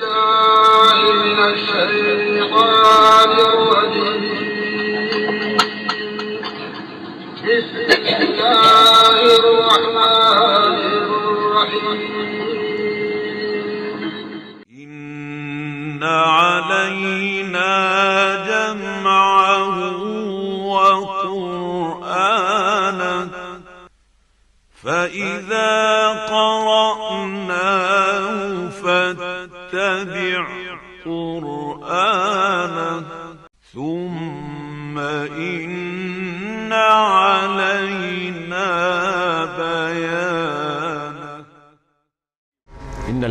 بالله من الشيطان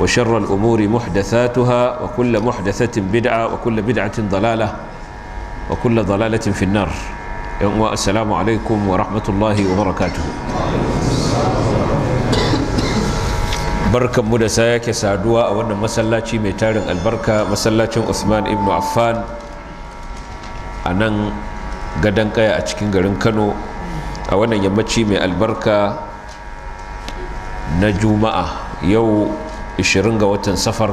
وشر الأمور محدثاتها وكل محدثة بدعة وكل بدعة ضلالة وكل ضلالة في النار السلام عليكم ورحمة الله وبركاته barkan mu da sake saduwa a wannan masallaci mai tarin albarka masallacin Usman ibn Affan a nan gadon kaya a cikin garin Kano a wannan yammaci mai albarka na Juma'a yau 20 ga watan safar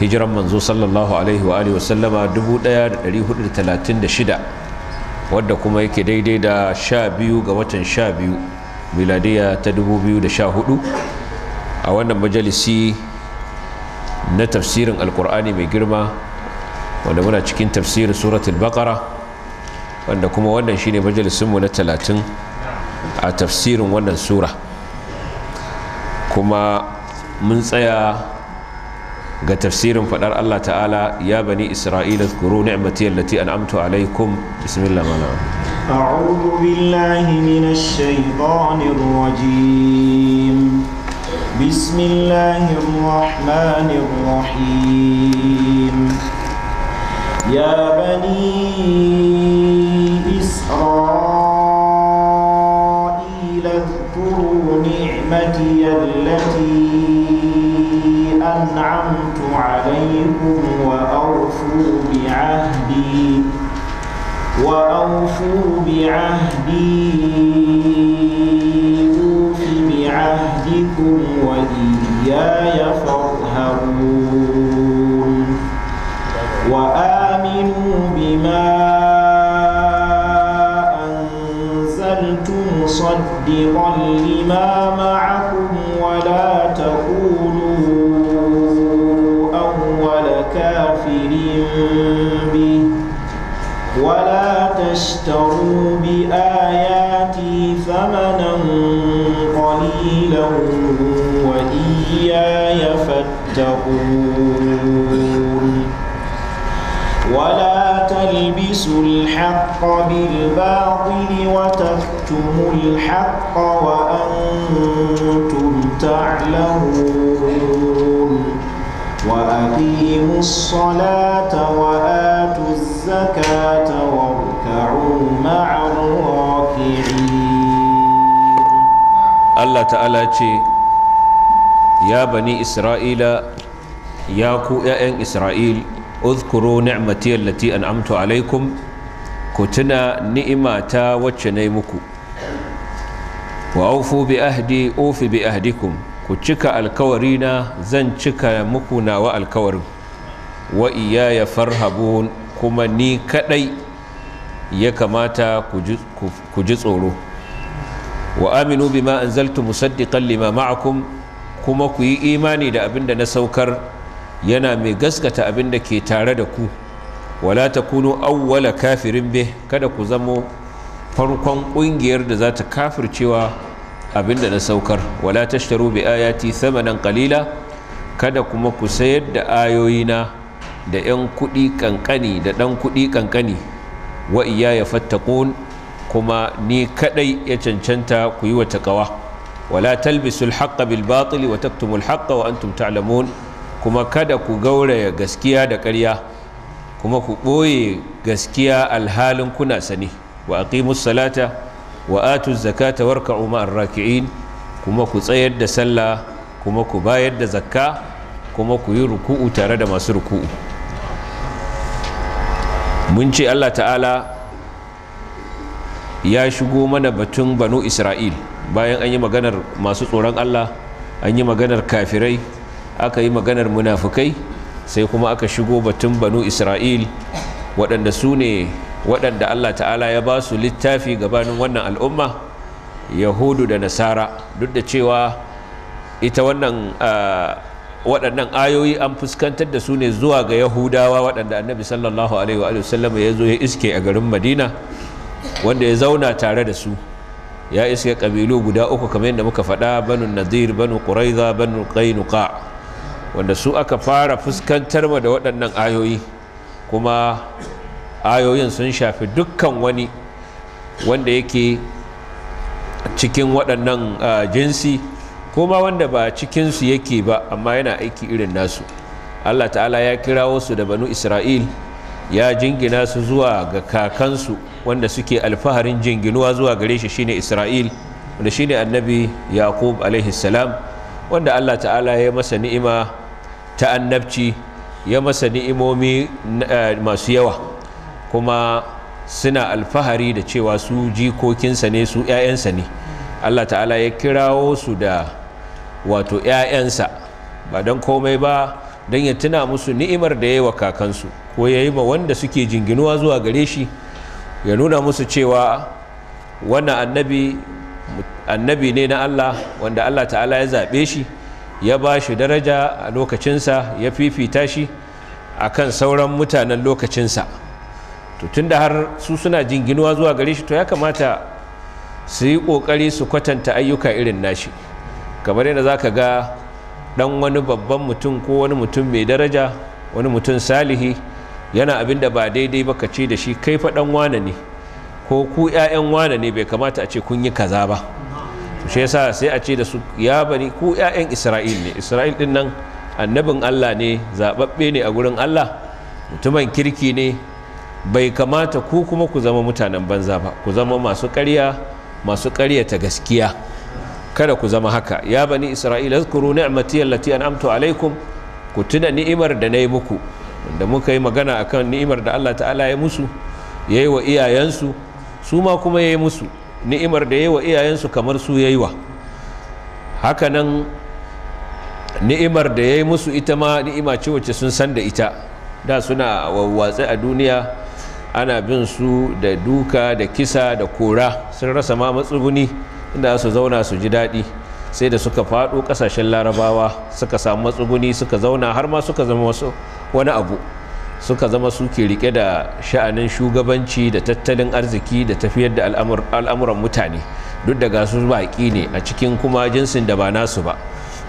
hijiran manzo sallallahu alaihi wa alihi wasallama 1436 wadda kuma yake daidai da 12 ga watan 12 miladiya ta 2014 a wannan majalisi na tafsirin alkur'ani mai girma wanda muna cikin tafsirin suratul baqara wanda kuma wannan shine majalisinmu na 30 a tafsirin wannan sura kuma mun tsaya ga tafsirin fadar Allah ta'ala ya bani Isra'ila zkuru ni'mati allati an'amtu alaikum bismillah mana a'udhu billahi minash shaitanir rajim bismillahir rahmanir rahim ya bani isra'ila zkuru ni'mati allati أنعمت عليكم وأوفوا بعهدي وأوفوا بعهدي أوف بعهدكم وإياي فارهبون وآمنوا بما أنزلتم صدقا لما معكم ولا تقولوا به ولا تشتروا بآياتي ثمنا قليلا وإياي فاتقون ولا تلبسوا الحق بالباطل وتكتموا الحق وأنتم تعلمون وأقيموا الصلاة وآتوا الزكاة واركعوا مع الراكعين الله تعالى يا بني إسرائيل يا كو يا إن إسرائيل اذكروا نعمتي التي أنعمت عليكم كتنا نئمة وجنيمكم وأوفوا بأهدي أوفي بأهدكم ku cika alkawari na zan cika muku nawa alkawarin wa ya farhabun kuma ni kadai ya kamata ku ji tsoro wa aminu bima zaltu musaddiqan lima ma'akum kuma ku yi imani da abinda na saukar yana mai gaskata abin da ke tare da ku wala ta kunu awwala kafirin be kada ku zamo farkon kungiyar da za ta kafircewa abinda na saukar wala tashtaru bi ayati thamanan qalila kada kuma ku sayar da ayoyina da yan kuɗi kankani da ɗan kuɗi kankani wa iyaya fattaqun kuma ni kadai ya cancanta ku yi wa taqwa wala talbisul haqqa bil batil wa taktumul haqqa wa antum ta'lamun kuma kada ku gauraya gaskiya da ƙarya kuma ku ɓoye gaskiya alhalin kuna sani wa aqimus salata wa atu zakata warka umar raki'in kuma ku tsayar da sallah kuma ku bayar da zakka kuma ku yi ruku'u tare da masu ruku'u mun ce Allah ta'ala ya shigo mana batun banu Isra'il bayan an yi maganar masu tsoron Allah an yi maganar kafirai aka yi maganar munafukai sai kuma aka shigo batun banu Isra'il waɗanda su ne waɗanda Allah ta'ala ya ba su littafi gabanin wannan al'umma yahudu da nasara duk da cewa ita wannan waɗannan ayoyi an fuskantar da su ne zuwa ga yahudawa waɗanda annabi sallallahu alaihi wa sallam ya zo ya iske a garin madina wanda ya zauna tare da su ya iske ƙabilu guda uku kamar yadda muka faɗa banu nadir banu Ƙuraiza, banu Ƙainuka" wanda su aka fara fuskantar mu da waɗannan ayoyi kuma ayoyin sun shafi dukkan wani wanda yake cikin waɗannan jinsi kuma wanda ba cikinsu yake ba amma yana aiki irin nasu allah ta'ala ya kirawo su da banu isra'il ya jingina su zuwa ga kakansu wanda suke alfaharin jinginuwa zuwa gare shi shine isra'il wanda shine annabi yaqub alaihi salam wanda allah ta'ala ya masa ni'ima ta annabci ya masa ni'imomi masu yawa kuma suna alfahari da cewa su jikokinsa ne su 'ya'yansa ne allah ta'ala ya kirawo su da wato 'ya'yansa ba don komai ba don ya tuna musu ni'imar da ya yi wa kakansu ko ya yi ma wanda suke jinginuwa zuwa gare shi ya nuna musu cewa wannan annabi annabi ne na allah wanda allah ta'ala ya zaɓe shi ya ba shi daraja a lokacinsa ya fifita shi a kan sauran mutanen lokacinsa to tun da har su suna jinginuwa zuwa gare shi to ya kamata su yi kokari su kwatanta ayyuka irin nashi kamar yadda za ka ga ɗan wani babban mutum ko wani mutum mai daraja wani mutum salihi yana abin da ba daidai ba ka ce da shi kai fa ɗan wane ne ko ku 'ya'yan wane ne bai kamata a ce kun yi kaza ba shi yasa sai a ce da su ya bari ku 'ya'yan isra'il ne isra'il din nan annabin allah ne zababbe ne a gurin allah mutumin kirki ne bai kamata ku kuma ku zama mutanen banza ba ku zama masu ƙarya masu ta gaskiya kada ku zama haka ya bani isra'ila zkuru ni'mati allati an'amtu alaikum ku tuna ni'imar da nayi muku da muka yi magana akan ni'imar da Allah ta'ala ya musu ya wa iyayensu su ma kuma ya yi musu ni'imar da ya wa iyayensu kamar su ya yi wa hakanan ni'imar da ya musu ita ma ni'ima ce wacce sun san da ita da suna wawwatsi a duniya ana bin su da duka da kisa da kora sun rasa ma matsuguni inda su zauna su ji daɗi sai da suka faɗo ƙasashen larabawa suka samu matsuguni suka zauna har ma suka zama wasu wani abu suka zama su ke rike da sha'anin shugabanci da tattalin arziki da tafiyar da al'amuran mutane duk da gasu baƙi ne a cikin kuma jinsin da ba nasu ba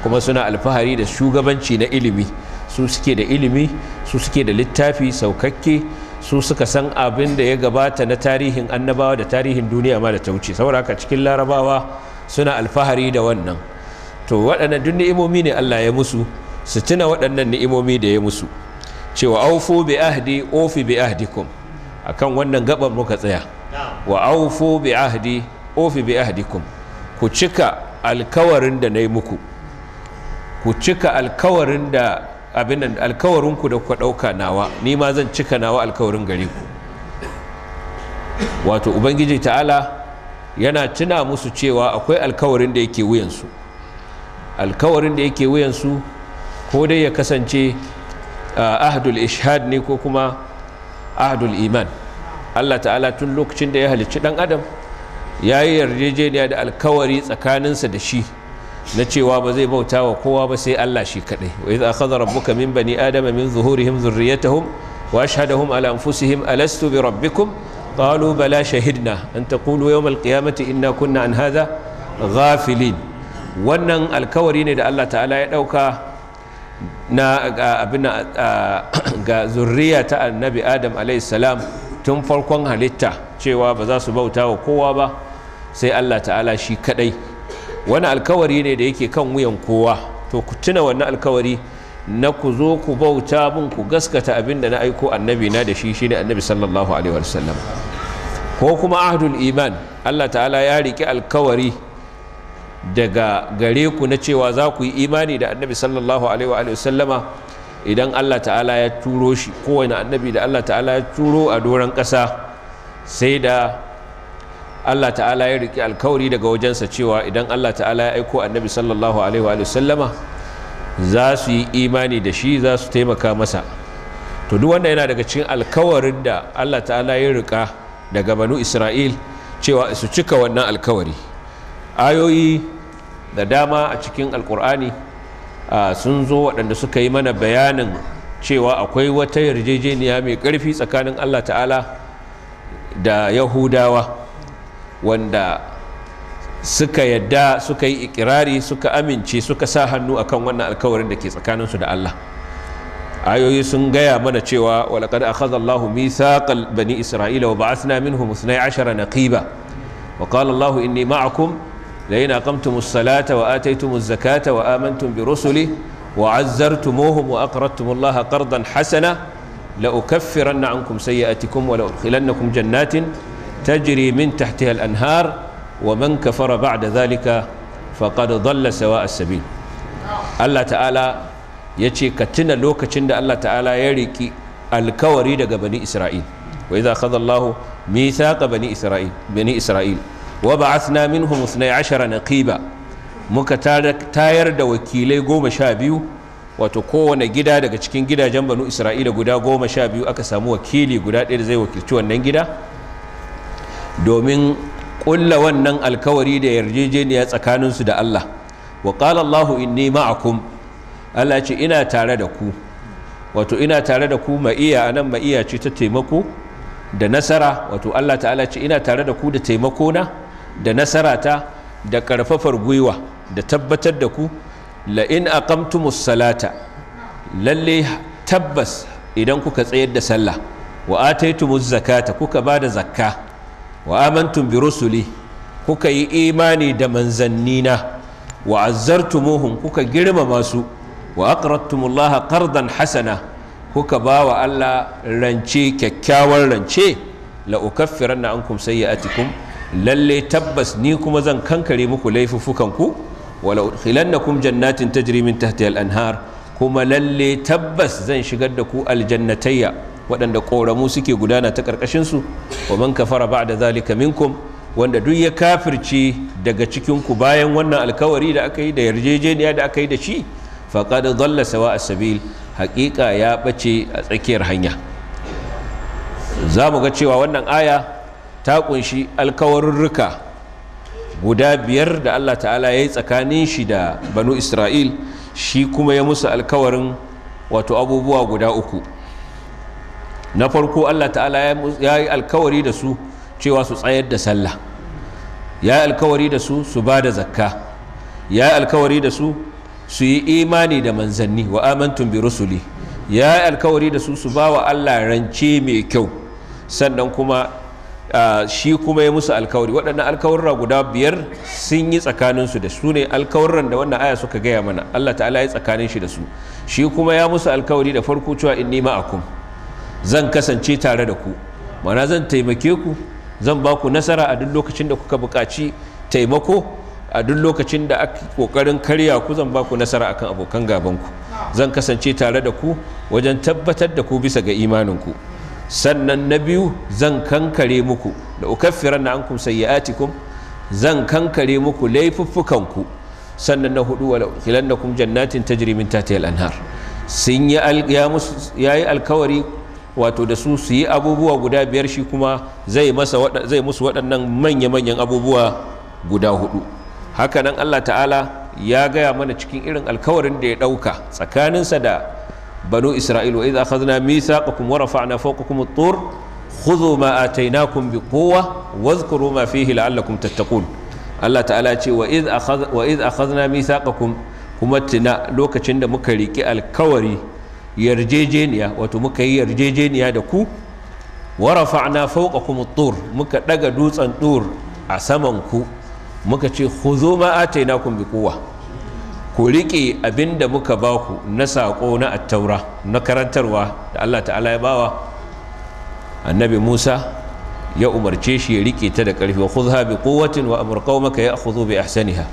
kuma suna alfahari da shugabanci na ilimi su suke da ilimi su suke da littafi saukakke su suka san abin da ya gabata na tarihin annabawa da tarihin duniya ma da ta wuce saboda haka cikin larabawa suna alfahari da wannan to waɗannan duk ni'imomi ne Allah ya musu su tuna waɗannan ni'imomi da ya musu cewa aufu bi ahdi ofi bi ahdikum akan wannan gaban muka tsaya wa aufu bi ahdi ofi bi ahdikum ku cika alkawarin da na yi muku ku cika alkawarin da abin ku da kuka ɗauka nawa ni ma zan cika nawa alkawarin gare ku wato ubangiji ta'ala yana tuna musu cewa akwai alkawarin da yake wuyansu alkawarin da yake wuyansu ko dai ya kasance ahdul ishad ne ko kuma ahdul iman allah ta'ala tun lokacin da ya halicci dan adam ya yi yarjejeniya da alkawari tsakaninsa da shi na cewa ba zai bauta wa kowa ba sai Allah shi kadai wa idza akhadha rabbuka min bani adama min zuhurihim dhurriyyatahum wa ashhadahum ala anfusihim alastu bi rabbikum qalu bala shahidna an taqulu yawm alqiyamati inna kunna an hadha ghafilin wannan alkawari ne da Allah ta'ala ya dauka na abin ga zuriya ta annabi adam alayhi salam tun farkon halitta cewa ba za su bauta wa kowa ba sai Allah ta'ala shi kadai wani alkawari ne da yake kan wuyan kowa to ku tuna wannan alkawari na ku zo ku bauta mun ku gaskata abin da na aiko annabi na da shi shine annabi sallallahu alaihi wasallam ko kuma ahdul iman Allah ta'ala ya riki alkawari daga gare ku na cewa za ku yi imani da annabi sallallahu alaihi wasallama idan Allah ta'ala ya turo shi kowane annabi da Allah ta'ala ya turo a doron ƙasa sai da Allah ta'ala ya riki alkawari daga wajensa cewa idan Allah ta'ala ya aiko annabi sallallahu alaihi wa sallama za su yi imani da shi za su taimaka masa to duk wanda yana daga cikin alkawarin da Allah ta'ala ya riƙa daga banu Isra'il cewa su cika wannan alkawari ayoyi da dama a cikin alkur'ani sun zo waɗanda suka yi mana bayanin cewa akwai wata yarjejeniya mai ƙarfi tsakanin Allah ta'ala da yahudawa wanda suka yadda suka yi ikirari suka amince suka sa hannu akan wannan alkawarin da ke tsakaninsu da Allah ayoyi sun gaya mana cewa walaqad akhadha Allahu mithaqal bani Isra'ila wa ba'athna minhum 12 naqiba wa qala Allahu inni ma'akum la in aqamtumus salata wa ataytumuz zakata wa amantum bi rusuli wa 'azzartumuhum wa aqradtumullaha qardan hasana la ukaffiranna ankum sayyi'atikum wa la udkhilannakum jannatin تجري من تحتها الأنهار ومن كفر بعد ذلك فقد ضل سواء السبيل الله تعالى يجي كتنا لوكا تشند الله تعالى يريكي الكوري دقى بني إسرائيل وإذا أخذ الله ميثاق بني إسرائيل بني إسرائيل وبعثنا منهم اثني عشر نقيبا muka tayar da wakilai goma sha biyu wato kowane gida daga cikin gidajen banu isra'ila guda goma sha biyu aka samu wakili guda ɗaya da zai wakilci wannan gida domin ƙulla wannan alkawari da yarjejeniya tsakaninsu da Allah wa qala Allahu inni ma'akum Allah ce ina tare da ku wato ina tare da ku ma'iya anan ma'iya ce ta taimako da nasara wato Allah ta'ala ce ina tare da ku da taimako na da nasara ta da karfafar gwiwa da tabbatar da ku la in aqamtumus salata lalle tabbas idan kuka tsayar da sallah wa ataitumuz zakata kuka bada zakka wa amantum bi rusuli kuka yi imani da manzannina wa azzartumuhum kuka girmama su wa aqradtumullaha qardan hasana kuka ba wa Allah rance kyakkyawan rance la ukaffiranna ankum sayyi'atikum lalle tabbas ni kuma zan kankare muku laifuffukanku wa la udkhilannakum jannatin tajri min tahtiha al-anhar kuma lalle tabbas zan shigar da ku aljannatayya waɗanda ƙoramu suke gudana ta ƙarƙashinsu wa man kafara zali zalika minkum wanda duk ya kafirce daga cikinku bayan wannan alkawari da aka yi da yarjejeniya da aka yi da shi faƙad dalla sawa sabil haƙiƙa ya ɓace a tsakiyar hanya za mu ga cewa wannan aya ta ƙunshi alkawarurruka guda biyar da Allah ta'ala ya yi tsakanin shi da banu isra'il shi kuma ya musu alkawarin wato abubuwa guda uku na farko Allah ta'ala ya yi alkawari da su cewa su tsayar da sallah ya yi alkawari da su su ba da zakka ya yi alkawari da su su yi imani da manzanni wa amantun bi rusuli ya yi alkawari da su su ba wa Allah rance mai kyau sannan kuma shi kuma ya musu alkawari waɗannan alkawarra guda biyar sun yi tsakaninsu da su ne alkawarran da wannan aya suka gaya mana Allah ta'ala ya tsakanin shi da su shi kuma ya musu alkawari da farko cewa inni ma'akum zan kasance tare da ku mana zan taimake ku zan ba ku nasara a duk lokacin da kuka buƙaci taimako a duk lokacin da ake ƙoƙarin karya ku zan ba ku nasara akan abokan gaban ku. zan kasance tare da ku wajen tabbatar da ku bisa ga imaninku sannan na biyu zan kankare muku da ukaffiran na ankum sayyi'atikum zan kankare muku laifuffukanku sannan na hudu wala khilannakum jannatin tajri min tahtiha al-anhar sun ya yi alkawari wato da su su yi abubuwa guda biyar shi kuma zai musu waɗannan manya-manyan abubuwa guda hudu hakanan allah ta'ala ya gaya mana cikin irin alkawarin da ya ɗauka tsakaninsa da banu isra'il wa idza akhadna mithaqakum wa rafa'na fawqakum at-tur khudhu ma atainakum biquwwa wadhkuru ma fihi la'allakum tattaqun allah ta'ala ce wa idza akhadna mithaqakum kuma tuna lokacin da muka riki alkawari yarjejeniya wato muka yi yarjejeniya da ku warafana rafa'na fawqakum tur muka daga dutsen tur a saman ku muka ce khuzu ma kun bi quwwa ku rike abinda muka baku na sako na taura na karantarwa da Allah ta'ala ya bawa annabi Musa ya umarce shi ya riƙe ta da ƙarfi wa khudha bi quwwatin wa amur qaumaka ya'khudhu bi ahsaniha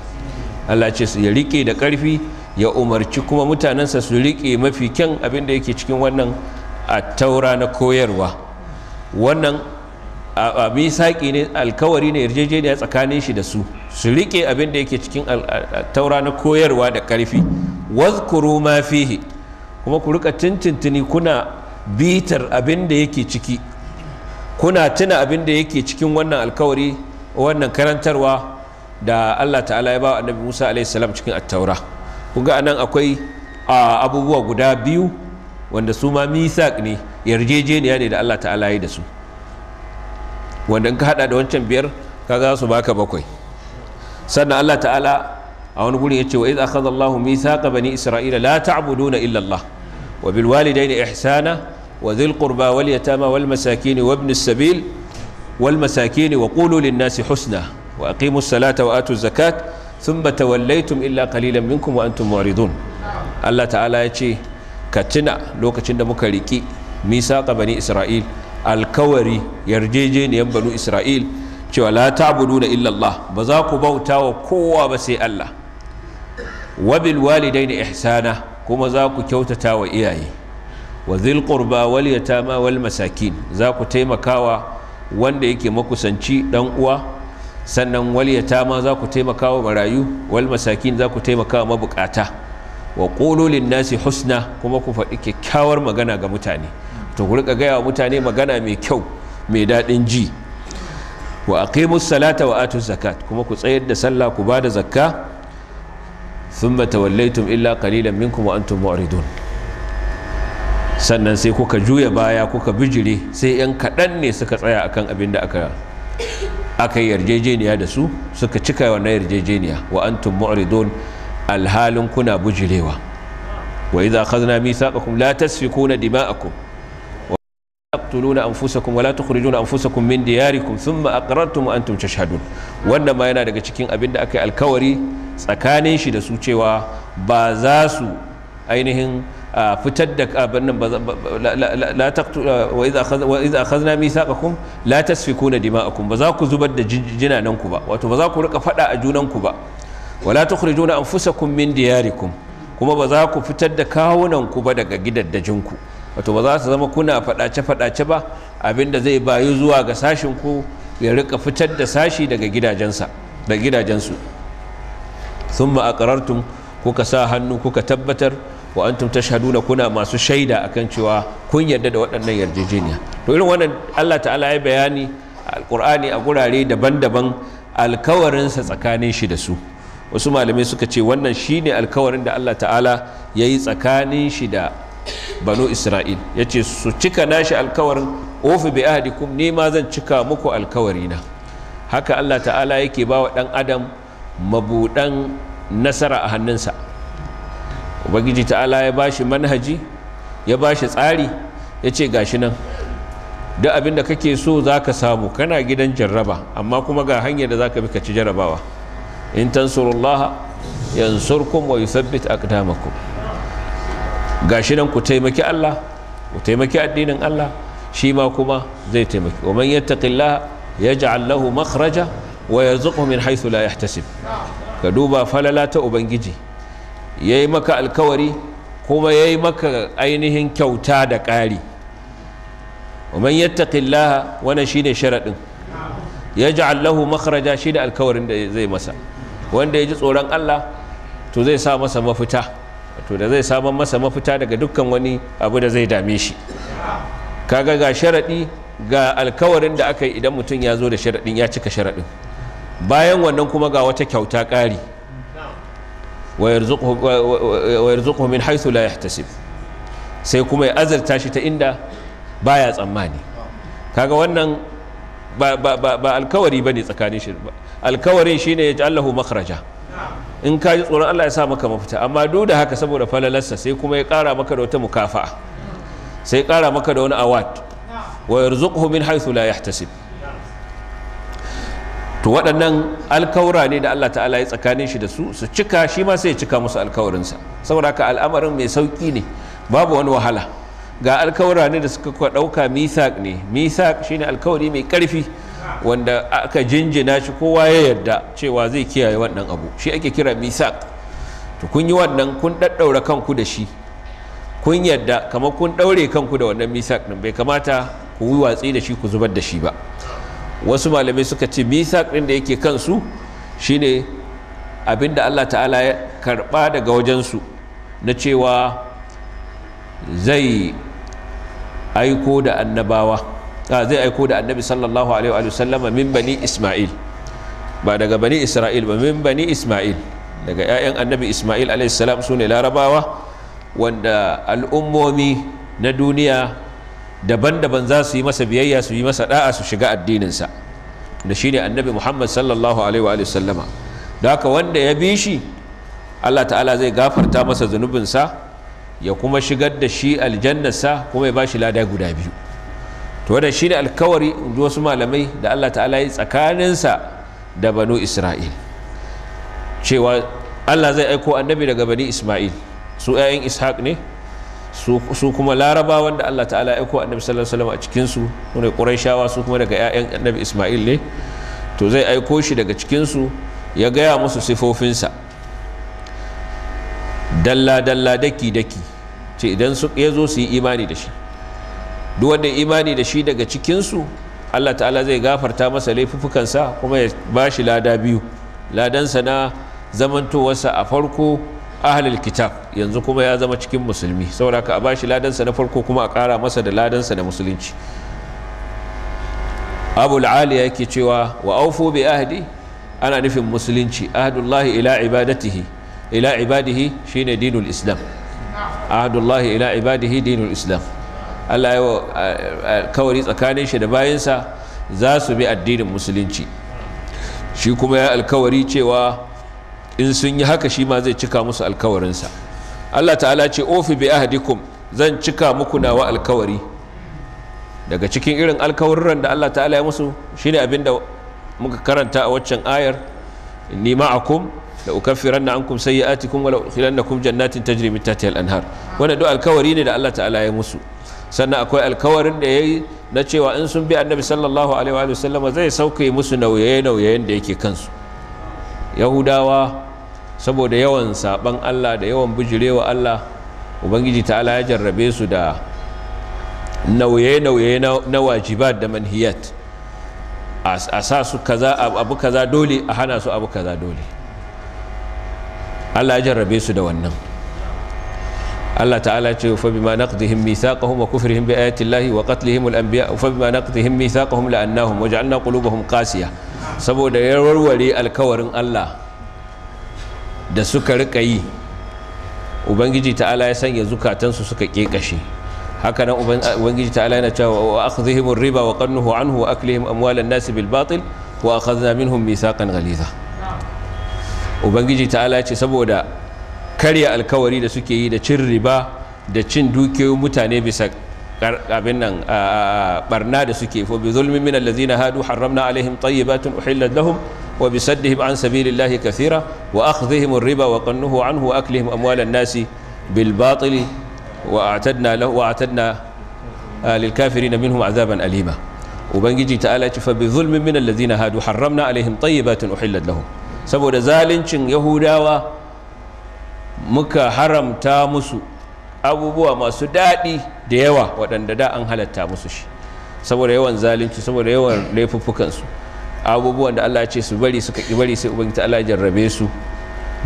Allah ce ya rike da karfi ya umarci kuma mutanensa su riƙe mafi kyan abin da yake cikin wannan a taura na koyarwa wannan a saƙi ne alkawari ne yarjejeniya tsakanin shi da su su riƙe abin da yake cikin taura na koyarwa da ƙarfi wazkuru ma fihi kuma ku rika tintintini kuna bitar abin da yake ciki kuna tuna abin da yake cikin wannan alkawari wannan karantarwa da Allah ta'ala ya ba annabi Musa alaihi salam cikin attaura kuga anan akwai abubuwa guda biyu wanda su ma misak ne yarjejeniya ne da Allah ta'ala yi da su wanda in ka hada da wancan biyar kaga su baka bakwai sannan Allah ta'ala a wani ya ce wa iz akhadha Allahu mithaqa bani isra'ila la ta'buduna illa Allah wa bil walidayni ihsana wa dhil qurba wal yatama wal masakin wa ibn as-sabil wal masakin wa qulu lin nasi husna wa aqimu as-salata wa atu az-zakat Sun thumma tawallaytum illa qalilan minkum wa antum mu'ridun Allah ta'ala ya ce ka tuna lokacin da muka riki misaqa bani isra'il alkawari yarjejeniyar banu isra'il cewa la ta'buduna illa Allah ba za ku bauta wa kowa ba sai Allah wa bil walidaini ihsana kuma za ku kyautata wa iyaye wa dhil qurba wal yatama wal masakin za ku taimakawa wanda yake makusanci dan uwa sannan wal ma za ku taimaka wa marayu wal masakin za ku taimaka wa mabukata wa qulu nasi husna kuma ku faɗi kyakkyawar magana ga mutane to ku rika gaya wa mutane magana mai kyau mai daɗin ji wa aqimus salata wa atuz zakat kuma ku tsayar da sallah ku bada zakka thumma tawallaytum illa qalilan minkum wa antum mu'ridun sannan sai kuka juya baya kuka bijire sai yan kaɗan ne suka tsaya akan abin da aka aka yi yarjejeniya da su suka cika wannan yarjejeniya wa antum mu'ridun alhalin kuna bujilewa wa idza akhadna mithaqakum la tasfikuna dima'akum wa taqtuluna anfusakum wa la tukhrijuna anfusakum min diyarikum thumma aqrartum wa antum tashhadun wannan ma yana daga cikin abin da aka yi alkawari tsakanin shi da su cewa ba za su ainihin fitar da abin nan la taqtu wa idza akhadna mithaqakum la tasfikuna dima'akum ba za ku zubar da jinanan ku ba wato ba za ku rika fada a junan ku ba wala tukhrijuna anfusakum min diyarikum kuma ba za ku fitar da kawunan ku ba daga gidaddajin ku wato ba za su zama kuna fadace fadace ba abinda zai bayu zuwa ga sashin ku ya rika fitar da sashi daga gidajensa da gidajensu thumma aqrartum kuka sa hannu kuka tabbatar wa antum tashhaduna kuna masu shaida akan cewa kun yarda da waɗannan yarjejeniya to irin wannan Allah ta'ala ya bayani alqur'ani a gurare daban-daban alkawarinsa tsakanin shi da su wasu malamai suka ce wannan shine alkawarin da Allah ta'ala ya yi tsakanin shi da banu isra'il yace su cika nashi alkawarin ofi bi ahadikum ne ma zan cika muku alkawarina haka Allah ta'ala yake ba wa ɗan adam mabuɗan nasara a hannunsa ubangiji ta'ala ya bashi manhaji ya bashi tsari ya ce gashi nan duk abin da kake so za ka samu kana gidan jarraba amma kuma ga hanyar da za ka bi ka ci jarrabawa in tansurullaha yansurkum wa yusabbit aqdamakum gashi nan ku taimaki Allah ku taimaki addinin Allah shi ma kuma zai taimaki wa man yattaqillaha yaj'al lahu makhraja wa yarzuqhu min haythu la yahtasib ka duba falala ta ubangiji ya yi maka alkawari kuma ya yi maka ainihin kyauta da ƙari ومن يتق الله وانا شيني شرط يجعل له alkawarin da zai masa wanda ya ji tsoron Allah to zai sa masa mafita to da zai samu masa mafita daga dukkan wani abu da zai dame shi kaga ga sharaɗi ga alkawarin da aka yi idan mutum ya zo da sharaɗin ya cika sharaɗin bayan wannan kuma ga wata kyauta ƙari wa yarzuquhu min haythu la yahtasib sai kuma ya azarta shi ta inda baya tsammani kaga wannan ba ba ba, ba tsakanin shi alkawarin shine ya ja'alahu makaraja in ka ji tsoron Allah ya sa maka mafita amma duk da haka saboda falalarsa sai kuma ya kara maka da wata mukafa'a sai kara maka da wani awad wa yarzuquhu la to waɗannan alkawura ne da Allah ta'ala ya tsakanin shi da su su cika shi ma sai ya cika musu alkawarinsa saboda ka al'amarin mai sauƙi ne babu wani wahala ga alkawura ne da suka kuwa ɗauka misak ne misak shine alkawari mai ƙarfi wanda aka jinjina shi kowa ya yarda cewa zai kiyaye wannan abu shi ake kira misak to kun yi wannan kun ɗaɗɗaura kanku da shi kun yarda kamar kun ɗaure kanku da wannan misak ɗin bai kamata ku yi watsi da shi ku zubar da shi ba wasu malamai suka ce misak ɗin da yake kansu shine abinda Allah ta'ala ya karɓa daga wajensu na cewa zai aiko da annabawa A zai aiko da annabi sallallahu alaihi wa sallama min bani isma'il ba daga bani isra'il ba min bani isma'il daga 'ya'yan annabi isma'il alaihi salam su ne larabawa wanda al'ummomi na duniya daban-daban za su yi masa biyayya su yi masa da'a su shiga addininsa da shi ne annabi muhammad sallallahu alaihi wa sallama da haka wanda ya bi shi allah ta'ala zai gafarta masa zunubinsa ya kuma shigar da shi aljannarsa kuma ya ba shi lada guda biyu to da shi ne alkawari wasu malamai da allah ta'ala yi tsakaninsa da banu isra'il cewa allah zai aiko annabi daga bani isma'il su 'ya'yan ishaq ne su kuma laraba wanda Allah ta'ala ya aiko annabi sallallahu alaihi wasallam a cikin su ne quraishawa su kuma daga ƴaƴan annabi isma'il ne to zai aiko shi daga cikin su ya gaya musu sifofinsa dalla dalla daki daki ce idan su ya zo su yi imani da shi duk wanda imani da shi daga cikin su Allah ta'ala zai gafarta masa laifukan sa kuma ya bashi lada biyu Ladan sa na zamantowarsa a farko ahlul kitab yanzu kuma ya zama cikin musulmi saboda ka a bashi ladansa na farko kuma a ƙara masa da ladansa na musulunci abul ali yake cewa wa aufu bi ahdi ana nufin musulunci ahdullahi ila ibadatihi ila ibadihi shine dinul islam ahdullahi ila ibadihi dinul islam Allah ya kawari tsakanin shi da bayansa za su bi addinin musulunci shi kuma ya alkawari cewa in sun yi haka shi ma zai cika musu alkawarinsa Allah ta'ala ce ofi bi ahadikum zan cika muku nawa alkawari daga cikin irin alkawarin da Allah ta'ala ya musu shine abin da muka karanta a waccan ayar inni ma'akum la ukaffiranna ankum sayyi'atikum wa la udkhilannakum jannatin tajri min tahtiha al-anhar wannan duk alkawari ne da Allah ta'ala ya musu sannan akwai alkawarin da yayi na cewa in sun bi annabi sallallahu alaihi wa sallam zai sauke musu nauye-nauyen da yake kansu yahudawa saboda yawan saban Allah da yawan bijirewa Allah ubangiji ta'ala ya jarrabe su da nauye-nauye na wajibat da manhiyat a sa su kaza abu kaza dole a hana su abu kaza dole Allah ya jarrabe su da wannan Allah ta'ala ce fa bima naqdihim mithaqahum wa kufrihim bi ayati Allahi wa qatlihim al-anbiya fa bima naqdihim mithaqahum la'annahum waj'alna qulubahum qasiya saboda yarwarware alkawarin Allah da suka rika yi ubangiji ta'ala ya sanya zukatansu suka kekashe haka nan ubangiji ta'ala yana cewa wa akhdhihim riba wa qannuhu anhu wa aklihim amwalan nas bil batil wa akhadna minhum mithaqan ghaliza ubangiji ta'ala ce saboda karya alkawari da suke yi da cin riba da cin dukiyoyin mutane bisa abin nan barna da suke fo bi zulmin min allazina hadu harramna alaihim tayyibatin uhillat lahum وبسدهم عن سبيل الله كثيرا وأخذهم الربا وقنه عنه وأكلهم أموال الناس بالباطل وأعتدنا, له وأعتدنا للكافرين منهم عذابا أليما وبنجي تعالى فبظلم من الذين هادوا حرمنا عليهم طيبات أحلت لهم سبو دزالنشن يهوداوا muka haramta musu abubuwa masu daɗi da yawa waɗanda da an halatta musu shi saboda yawan zalunci saboda yawan laifuffukansu abubuwan da Allah ce su bari suka ki bari sai ubangiji Allah jarrabe su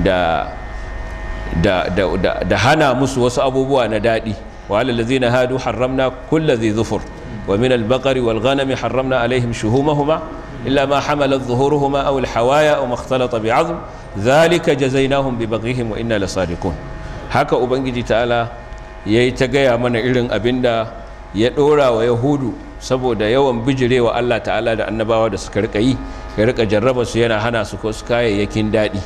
da da da da hana musu wasu abubuwa na daɗi wa alal ladzina hadu harramna kulla dhi zufur. wa min al baqari wal ghanami harramna alaihim shuhumahuma illa ma hamalat zuhuruhuma aw al hawaya aw ma bi 'azm dhalika jazainahum bi baghihim wa inna lasadiqun haka ubangiji ta'ala yayi ta gaya mana irin abinda ya dora wa yahudu saboda yawan bijirewa Allah ta'ala da annabawa da suka rika yi ya rika jarraba su yana hana su ko su kayayyakin daɗi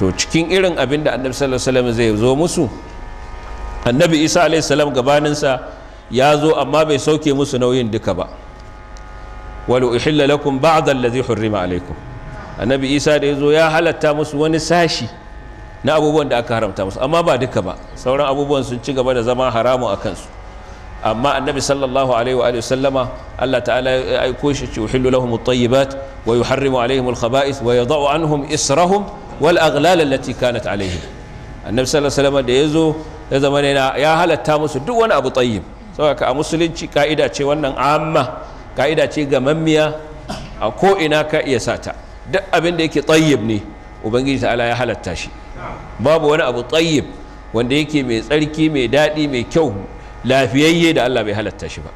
to cikin irin abin da annabi sallallahu alaihi wasallam zai zo musu annabi isa alaihi salam gabaninsa ya zo amma bai sauke musu nauyin duka ba walu uhilla lakum ba'd allazi hurrima alaikum annabi isa da ya zo ya halatta musu wani sashi na abubuwan da aka haramta musu amma ba duka ba sauran abubuwan sun ci gaba da zama haramun a kansu amma annabi sallallahu alaihi wa sallama Allah ta'ala ya aiko shi yuhillu lahum at-tayyibat wa yuharrimu alaihim al-khaba'ith wa yada'u anhum israhum wal aghlal allati kanat alaihim annabi sallallahu alaihi wa da yazo ya zama ne ya halatta musu duk wani abu tayyib saboda a musulunci ka'ida ce wannan amma ka'ida ce ga mammiya a ko ina ka iya sata duk abin da yake tayyib ne ubangiji ta'ala ya halatta shi babu wani abu tayyib wanda yake mai tsarki mai daɗi mai kyau lafiyayye da Allah bai halatta shi ba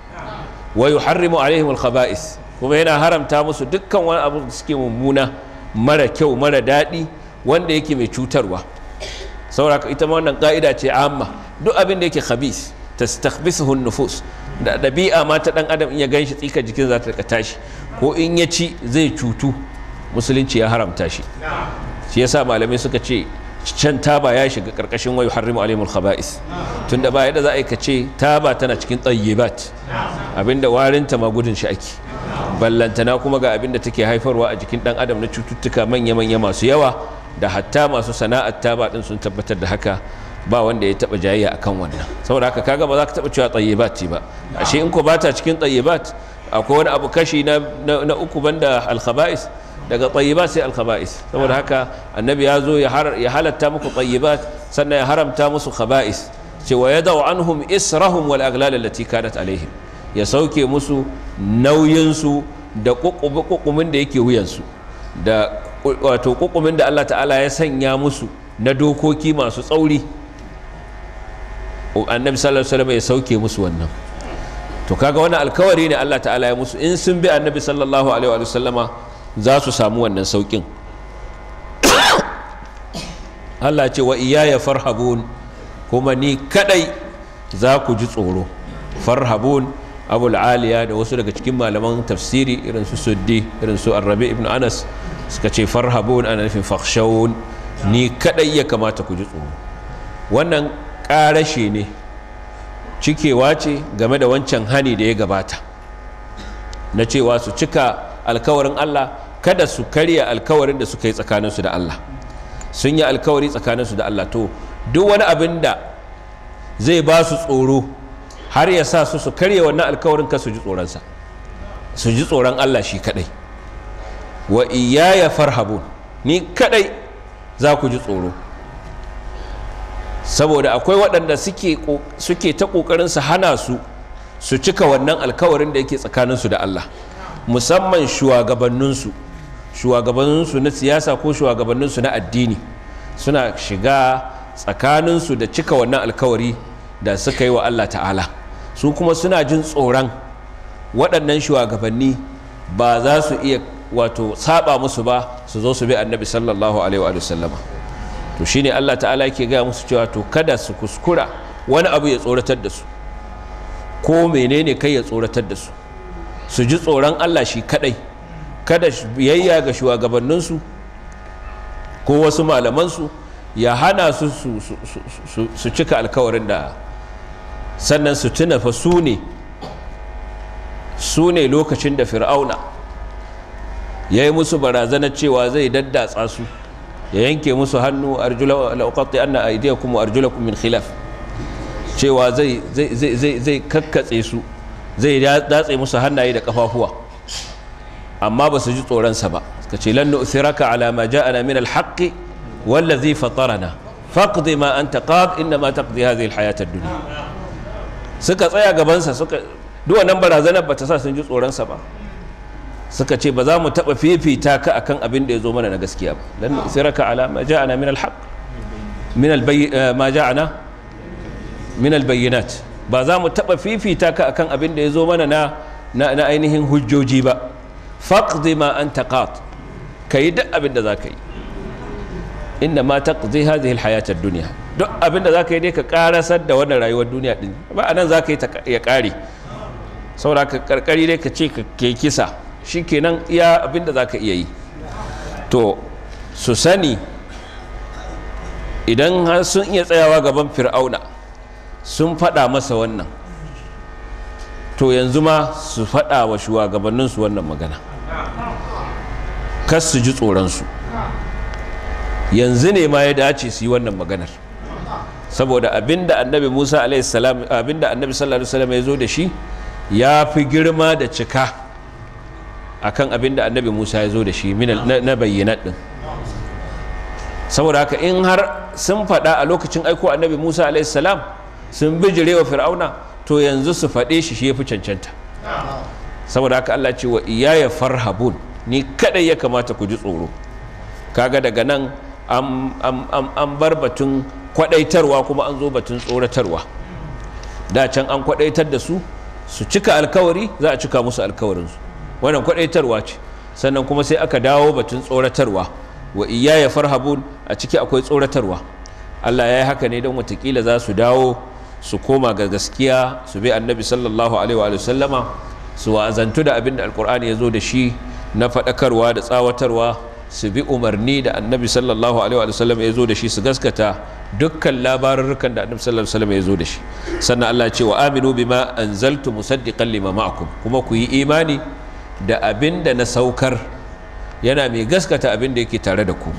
wa yuharrimu alaihim alkhaba'is kuma yana haramta musu dukkan wani abu da suke mummuna mara kyau mara daɗi wanda yake mai cutarwa sauraka ita ma wannan ka'ida ce amma duk abin da yake khabis tastakhbisuhu nufus da dabi'a ma ta dan adam in ya ganshi tsika jikin za ta tashi ko in ya ci zai cutu musulunci ya haramta shi shi yasa malamai suka ce shan taba ya shiga karkashin wayu harrimu alimul khaba'is da baya yadda za a yi ce taba tana cikin tsayyibat abinda warinta ma gudun shi ake ballantana kuma ga abinda take haifarwa a jikin dan adam na cututtuka manya-manya masu yawa da hatta masu sana'ar taba din sun tabbatar da haka ba wanda ya taba jayayya akan wannan saboda haka kaga ba za ka taba cewa tsayyibat ba ashe in ko bata cikin tsayyibat akwai wani abu kashi na uku banda al daga tayyibat sai al saboda ah. haka annabi ya zo ya halatta muku tayyibat sannan ya haramta musu khaba'is cewa ya yadau anhum israhum wal aglal allati kanat alaihim ya sauke musu nauyin su da kukumin da yake wuyansu da wato kukumin da Allah ta'ala ya sanya musu na dokoki masu tsauri annabi sallallahu alaihi wasallam ya sauke musu wannan to kaga wannan alkawari ne Allah ta'ala ya musu in sun bi annabi sallallahu alaihi wasallama za su samu wannan saukin Allah ce wa iyaya farhabun kuma ni kadai za ku ji tsoro farhabun abul aliya da wasu daga cikin malaman tafsiri irin su suddi irin su arrabi ibn anas suka ce farhabun ana nufin fakshawun ni kadai ya kamata ku ji tsoro wannan karashe ne cikewa ce game da wancan hani da ya gabata na cewa su cika alkawarin Allah kada su karya alkawarin da suka yi tsakaninsu da Allah sun yi alkawari tsakaninsu da Allah to duk wani abin da zai ba su tsoro har ya sa su su karya wannan alkawarin ka su ji tsoronsa su ji tsoron Allah shi kadai wa iyaya farhabun ni kadai za ku ji tsoro saboda akwai waɗanda suke ta ƙoƙarin su hana su su cika wannan alkawarin da yake tsakaninsu da Allah musamman shugabanninsu shugabanninsu na siyasa ko shugabanninsu na addini suna shiga tsakaninsu da cika wannan alkawari da suka yi wa Allah ta'ala su kuma suna jin tsoron waɗannan shugabanni ba za su iya wato saba musu ba su zo su bi annabi sallallahu alaihi wa sallama to shine Allah ta'ala yake gaya musu cewa to kada su kuskura wani abu ya tsoratar da su ko menene kai ya tsoratar da su su ji tsoron Allah shi kadai kada biyayya ga shugabanninsu ko wasu malamansu ya hana su su cika alkawarin da sannan su tuna fa su ne su ne lokacin da fir'auna ya yi musu barazanar cewa zai daddatsa su ya yanke musu hannu arjula al'uqatti anna aydiyakum kuma arjulakum min khilaf cewa zai kakkatse su zai datse musu hannaye da kafafuwa amma ba su ji tsoronsa ba suka ce lan nu'thiraka ala ma ja'ana min al-haqqi wallazi fatarana faqdi ma anta qad inna ma taqdi hadhihi al-hayat ad-dunya suka tsaya gaban sa suka duk wannan barazanar ba ta sa sun ji tsoronsa ba suka ce ba za mu taɓa fifita ka akan abin da ya zo mana na gaskiya ba lan nu'thiraka ala ma ja'ana min al-haqq min al eh, ma ja'ana min al-bayyinat ba za mu taɓa fifita ka akan abin da ya zo mana na ainihin hujjoji ba faqdi ma an taqat ka yi duk abin da za ka yi inda ma taqdi hadhihi alhayat ad duniya duk abin da za ka yi dai ka karasar da wannan rayuwar duniya ɗin ba nan za ka yi ya kare saboda ka ƙarƙari dai ka ce ka ke kisa shikenan iya abin da za ka iya yi to su sani idan sun iya tsayawa gaban fir'auna sun faɗa masa wannan to yanzu ma su faɗa wa shugabanninsu wannan magana kas su ji tsoronsu yanzu ne ma ya dace su yi wannan maganar saboda abinda annabi musa alaihissalam abinda annabi sallallahu alaihi wasallam ya zo da shi ya fi girma da cika akan abinda annabi musa ya zo da shi na bayyana din saboda haka in har sun faɗa a lokacin aiko annabi musa alaihissalam sun bijire wa fir'auna to yanzu su faɗe shi shi ya fi cancanta saboda haka Allah ce wa iyaya farhabun ni kadai ya kamata ku ji tsoro kaga daga nan an bar batun kwadaitarwa kuma an zo batun tsoratarwa da can an kwadaitar da su su cika alkawari za a cika musu alkawarinsu wannan kwadaitarwa ce sannan kuma sai aka dawo batun tsoratarwa wa iyaya farhabun a ciki akwai tsoratarwa Allah ya yi haka ne don watakila za su dawo su koma ga gaskiya su bi annabi sallallahu alaihi wa sallama su wa'azantu da abin da alkur'ani ya zo da shi na faɗakarwa da tsawatarwa su bi umarni da annabi sallallahu alaihi wa sallama ya zo da shi su gaskata dukkan labarurrukan da annabi sallallahu alaihi wa sallama ya zo da shi sannan Allah ce wa aminu bima anzaltu musaddiqan lima ma'akum kuma ku yi imani da abin da na saukar yana mai gaskata abin da yake tare da ku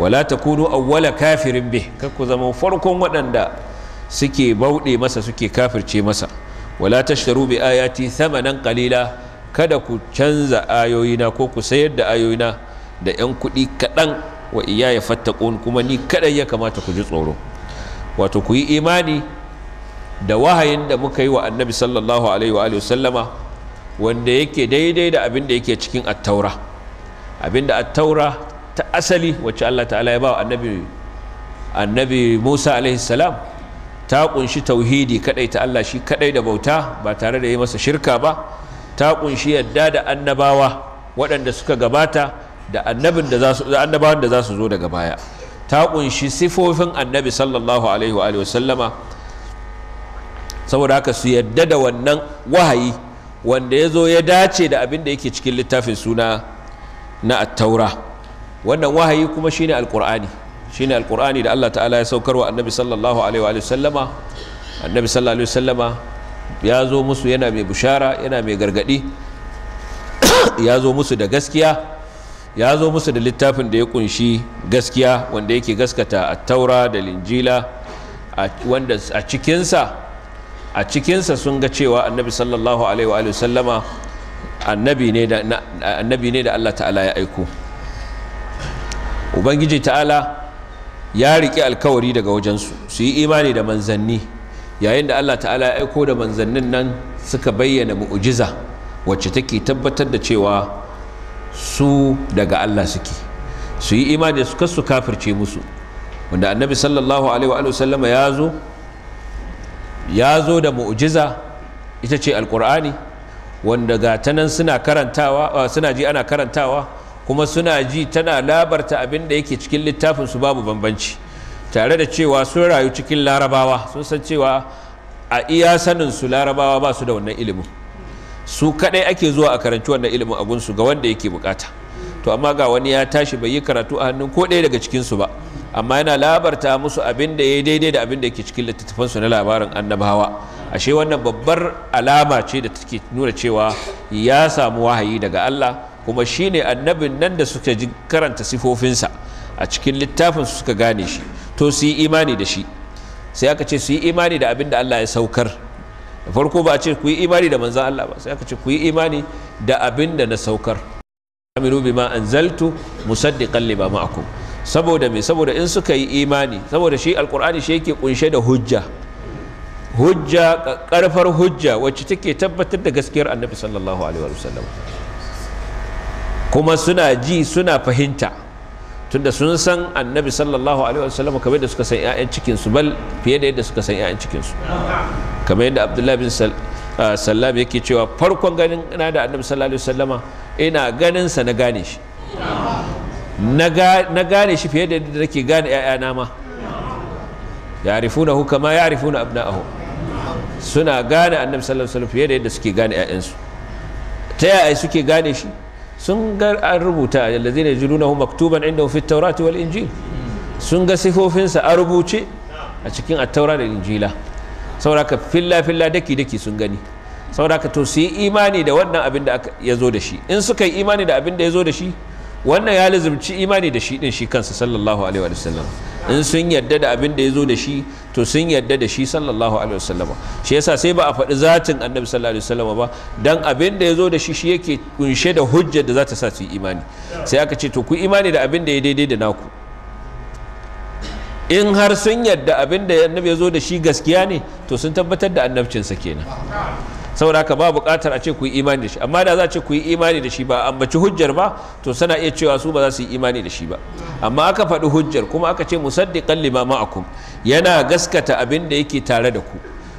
wala takunu awwala kafirin bih kar ku zama farkon waɗanda suke bauɗe masa suke kafirce masa wala tashtaru bi ayati thamanan qalila kada ku canza ayoyina ko ku sayar da ayoyina da yan kuɗi kaɗan wa iya ya fattakun kuma ni kaɗan ya kamata ku ji tsoro wato ku yi imani da wahayin da muka yi wa annabi sallallahu alaihi wa sallama wanda yake daidai da abin da yake cikin attaura abin da attaura ta asali wacce Allah ta'ala ya ba wa annabi Musa alaihi salam ta kunshi tauhidi kadai ta Allah shi kadai da bauta ba tare da yi masa shirka ba ta kunshi yadda da annabawa waɗanda suka gabata da annabin da za annabawan da za su zo daga baya ta kunshi sifofin annabi sallallahu alaihi wa sallama saboda haka su yadda da wannan wahayi wanda ya zo ya dace da abin da yake cikin littafin suna na attaura wannan wahayi kuma shine alqur'ani shine alqur'ani da Allah ta'ala ya saukarwa annabi sallallahu alaihi wa sallama annabi sallallahu alaihi wa sallama ya zo musu yana mai bushara yana mai gargadi ya zo musu da gaskiya ya zo musu da littafin da ya kunshi gaskiya wanda yake gaskata a taura da linjila wanda a cikinsa a cikinsa sun ga cewa annabi sallallahu alaihi wa sallama annabi ne da Allah ta'ala ya aiko ubangiji ta'ala ya riƙe alkawari daga wajensu su yi imani da manzanni yayin da Allah ta'ala ya aiko da manzannin nan suka bayyana mu'ujiza wacce take tabbatar da cewa su daga Allah suke su yi imani da su kasu kafirce musu wanda annabi sallallahu alaihi wa sallama ya zo ya zo da mu'ujiza ita ce alkur'ani wanda ga ta nan suna karantawa suna ji ana karantawa kuma suna ji tana labarta abin da yake cikin littafin su babu bambanci tare da cewa sun rayu cikin larabawa sun san cewa a iya sanin su larabawa ba su da wannan ilimin su kadai ake zuwa a karanci wannan ilimin a gunsu ga wanda yake bukata to amma ga wani ya tashi bai yi karatu a hannun ko daya daga cikin su ba amma yana labarta musu abin da ya daidai da abin da yake cikin littattafan su na labarin annabawa ashe wannan babbar alama ce da take nuna cewa ya samu wahayi daga Allah kuma shi ne annabin nan da suka ji karanta sifofinsa a cikin littafin suka gane shi to su yi imani da shi sai aka ce su yi imani da abin da Allah ya saukar da farko ba a ce ku yi imani da manzan Allah ba sai aka ce ku yi imani da abin da na saukar aminu bima anzaltu musaddiqan lima ma'akum saboda me saboda in suka yi imani saboda shi alqur'ani shi yake kunshe da hujja hujja karfar hujja wacce take tabbatar da gaskiyar annabi sallallahu alaihi wa sallam? kuma suna ji suna fahimta tunda sun san annabi sallallahu alaihi wasallam kamar yadda suka san 'ya'yan cikinsu bal fiye da yadda suka san 'ya'yan cikinsu kamar yadda abdullahi bin ah, sallam yake cewa farkon ganin na da annabi sallallahu alaihi wasallama ina ganin sa na gane shi na gane shi fiye da yadda nake gane 'ya'yana ma Yarifuna kama ya'rifuna abna'ahu suna gane annabi sallallahu alaihi wasallam fiye da yadda suke gane ƴaƴansu ta yaya suke gane shi sun ga an rubuta allazina yajidunahu maktuban inda fi taurati wal injil sun ga sifofinsa a rubuce a cikin attaura da injila sauraka filla filla daki daki sun gani sauraka to su yi imani da wannan abin da ya zo da shi in suka yi imani da abin da ya zo da shi wannan ya lazumci imani da shi din shi kansa sallallahu alaihi wa sallam in sun yadda da abin da ya zo da shi to sun yadda da shi sallallahu alaihi wa sallam shi yasa sai ba a faɗi zatin annabi sallallahu alaihi sallam ba dan abin da ya zo da shi shi yake kunshe da hujjar da za ta sa su imani sai aka ce to ku imani da abin da ya daidai da naku in har sun yadda abin da annabi ya zo da shi gaskiya ne to sun tabbatar da annabcinsa kenan saboda haka ba buƙatar a ce ku yi imani da shi amma da za a ce ku yi imani da shi ba ambaci hujjar ba to sana iya cewa su ba za su yi imani da shi ba amma aka faɗi hujjar kuma aka ce musaddiqan lima ma'akum yana gaskata abin da yake tare da ku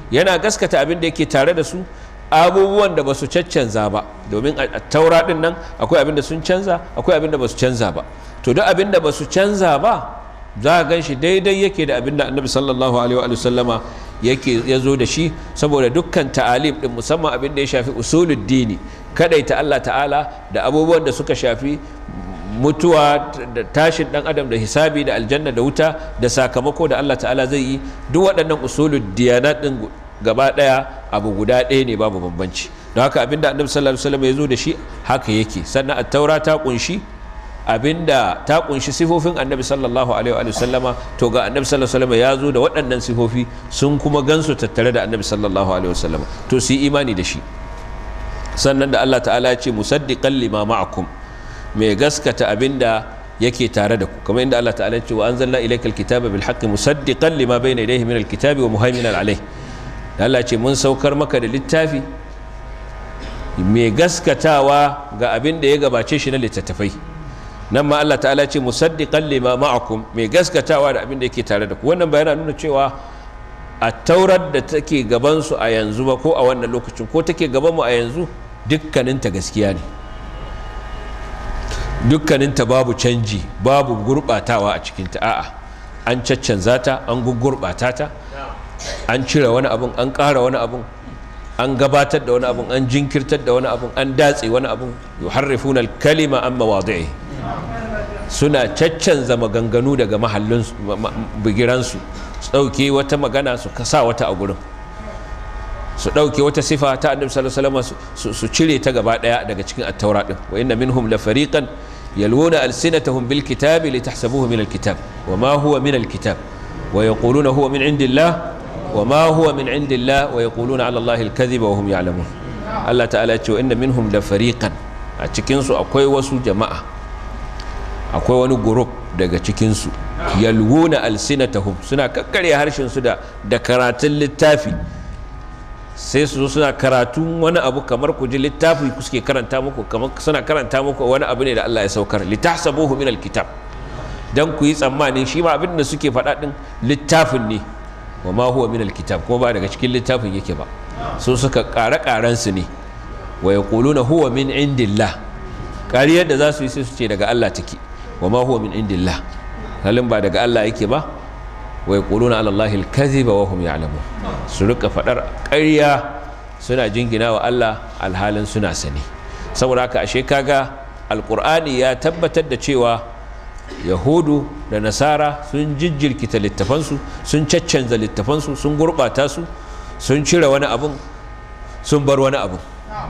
yana gaskata abin da yake tare da su abubuwan da basu su caccanza ba domin a taura din nan akwai abin da sun canza akwai abin da ba canza ba to duk abin da ba canza ba za a gan shi daidai yake da abin da annabi sallallahu alaihi wa sallama yake ya zo da shi saboda dukkan ta'alim din musamman abin da ya shafi usulul dini kadaita Allah ta'ala da abubuwan da suka shafi mutuwa da tashin dan adam da hisabi da aljanna da wuta da sakamako da Allah ta'ala zai yi duk waɗannan usulul diyanat din gaba daya abu guda ɗaya ne babu bambanci don haka abin annabi sallallahu alaihi wasallam ya zo da shi haka yake sannan at-taura ta kunshi abinda ta kunshi sifofin annabi sallallahu alaihi wa sallama to ga annabi sallallahu alaihi ya zo da waɗannan sifofi sun kuma gansu tattare da annabi sallallahu alaihi wa sallama to su yi imani da shi sannan da Allah ta'ala ya ce musaddiqan lima ma'akum mai gaskata abinda yake tare da ku kamar inda Allah ta'ala ya ce wa anzalna ilaykal kitaba bil haqqi musaddiqan lima bayna yadayhi min al kitabi wa muhaiminan alayh Allah ya ce mun saukar maka da littafi mai gaskatawa ga abinda ya gabace shi na littattafai nan ma Allah ta'ala ce musaddiqan lima ma'akum mai gaskatawa da abin da yake tare da ku wannan bayana nuna cewa a taurar da take gaban su a yanzu ba ko a wannan lokacin ko take gaban mu a yanzu dukkanin ta gaskiya ne dukkanin ta babu canji babu gurbatawa a cikin ta a'a an caccanza ta an gurgurbata ta an cire wani abun an ƙara wani abun an gabatar da wani abun an jinkirtar da wani abun an datse wani abun yuharrifuna al-kalima amma mawadi'i suna caccanza maganganu daga mahallin bigiransu su ɗauke wata magana su kasa wata a gurin su ɗauke wata sifa ta annabi sallallahu alaihi wasallam su cire ta gaba daya daga cikin attaura din wa inna minhum la fariqan yalwuna alsinatahum bil kitabi litahsabuhu min al kitab wa ma huwa min al kitab wa yaquluna huwa min indillah wa ma huwa min indillah wa yaquluna ala allahi al kadhiba wa hum ya'lamun Allah ta'ala ya ce wa inna minhum la fariqan a cikin su akwai wasu jama'a akwai wani group daga cikinsu yalwuna alsinatahum suna kakkare harshensu da da karatun littafi sai su suna karatun wani abu kamar ku ji littafi ku suke karanta muku kamar suna karanta muku wani abu ne da Allah ya saukar litahsabuhu min alkitab dan ku yi tsammani shi ma abin da suke faɗa din littafin ne wa ma huwa min alkitab ko ba daga cikin littafin yake ba su suka ƙara su ne wa yaquluna huwa min indillah ƙariyar da za su yi sai su ce daga Allah take wa ma huwa min indillah halin ba daga Allah yake ba wa yaquluna ala allahi alkaziba wa hum ya'lamun su rika faɗar ƙarya suna jingina wa Allah alhalin suna sani saboda haka ashe kaga alqur'ani ya tabbatar da cewa yahudu da nasara sun jijjirkita littafansu sun caccanza littafansu sun gurɓata su sun cire wani abin sun bar wani abin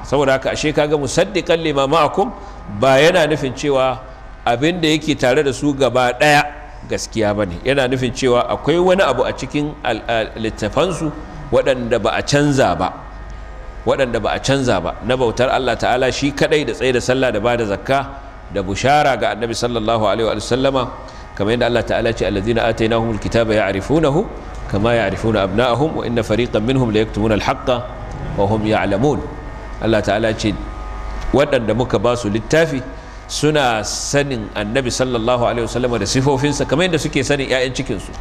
saboda haka ashe kaga musaddiqan lima ma'akum ba yana nufin cewa abin da yake tare da su gaba ɗaya gaskiya ba ne yana nufin cewa akwai wani abu a cikin littafansu waɗanda ba a canza ba waɗanda ba a canza ba na bautar Allah ta'ala shi kaɗai da tsaye da sallah da ba da zakka da bushara ga annabi sallallahu alaihi wa sallama kamar yadda Allah ta'ala ce alladhina atainahumul kitaba ya'rifunahu kama ya'rifuna abna'ahum wa inna fariqan minhum la yaktumuna al wa hum ya'lamun Allah ta'ala ce waɗanda muka ba su littafi suna sanin annabi sallallahu alaihi wasallam da sifofinsa kamar yadda suke sanin ƴaƴan cikinsu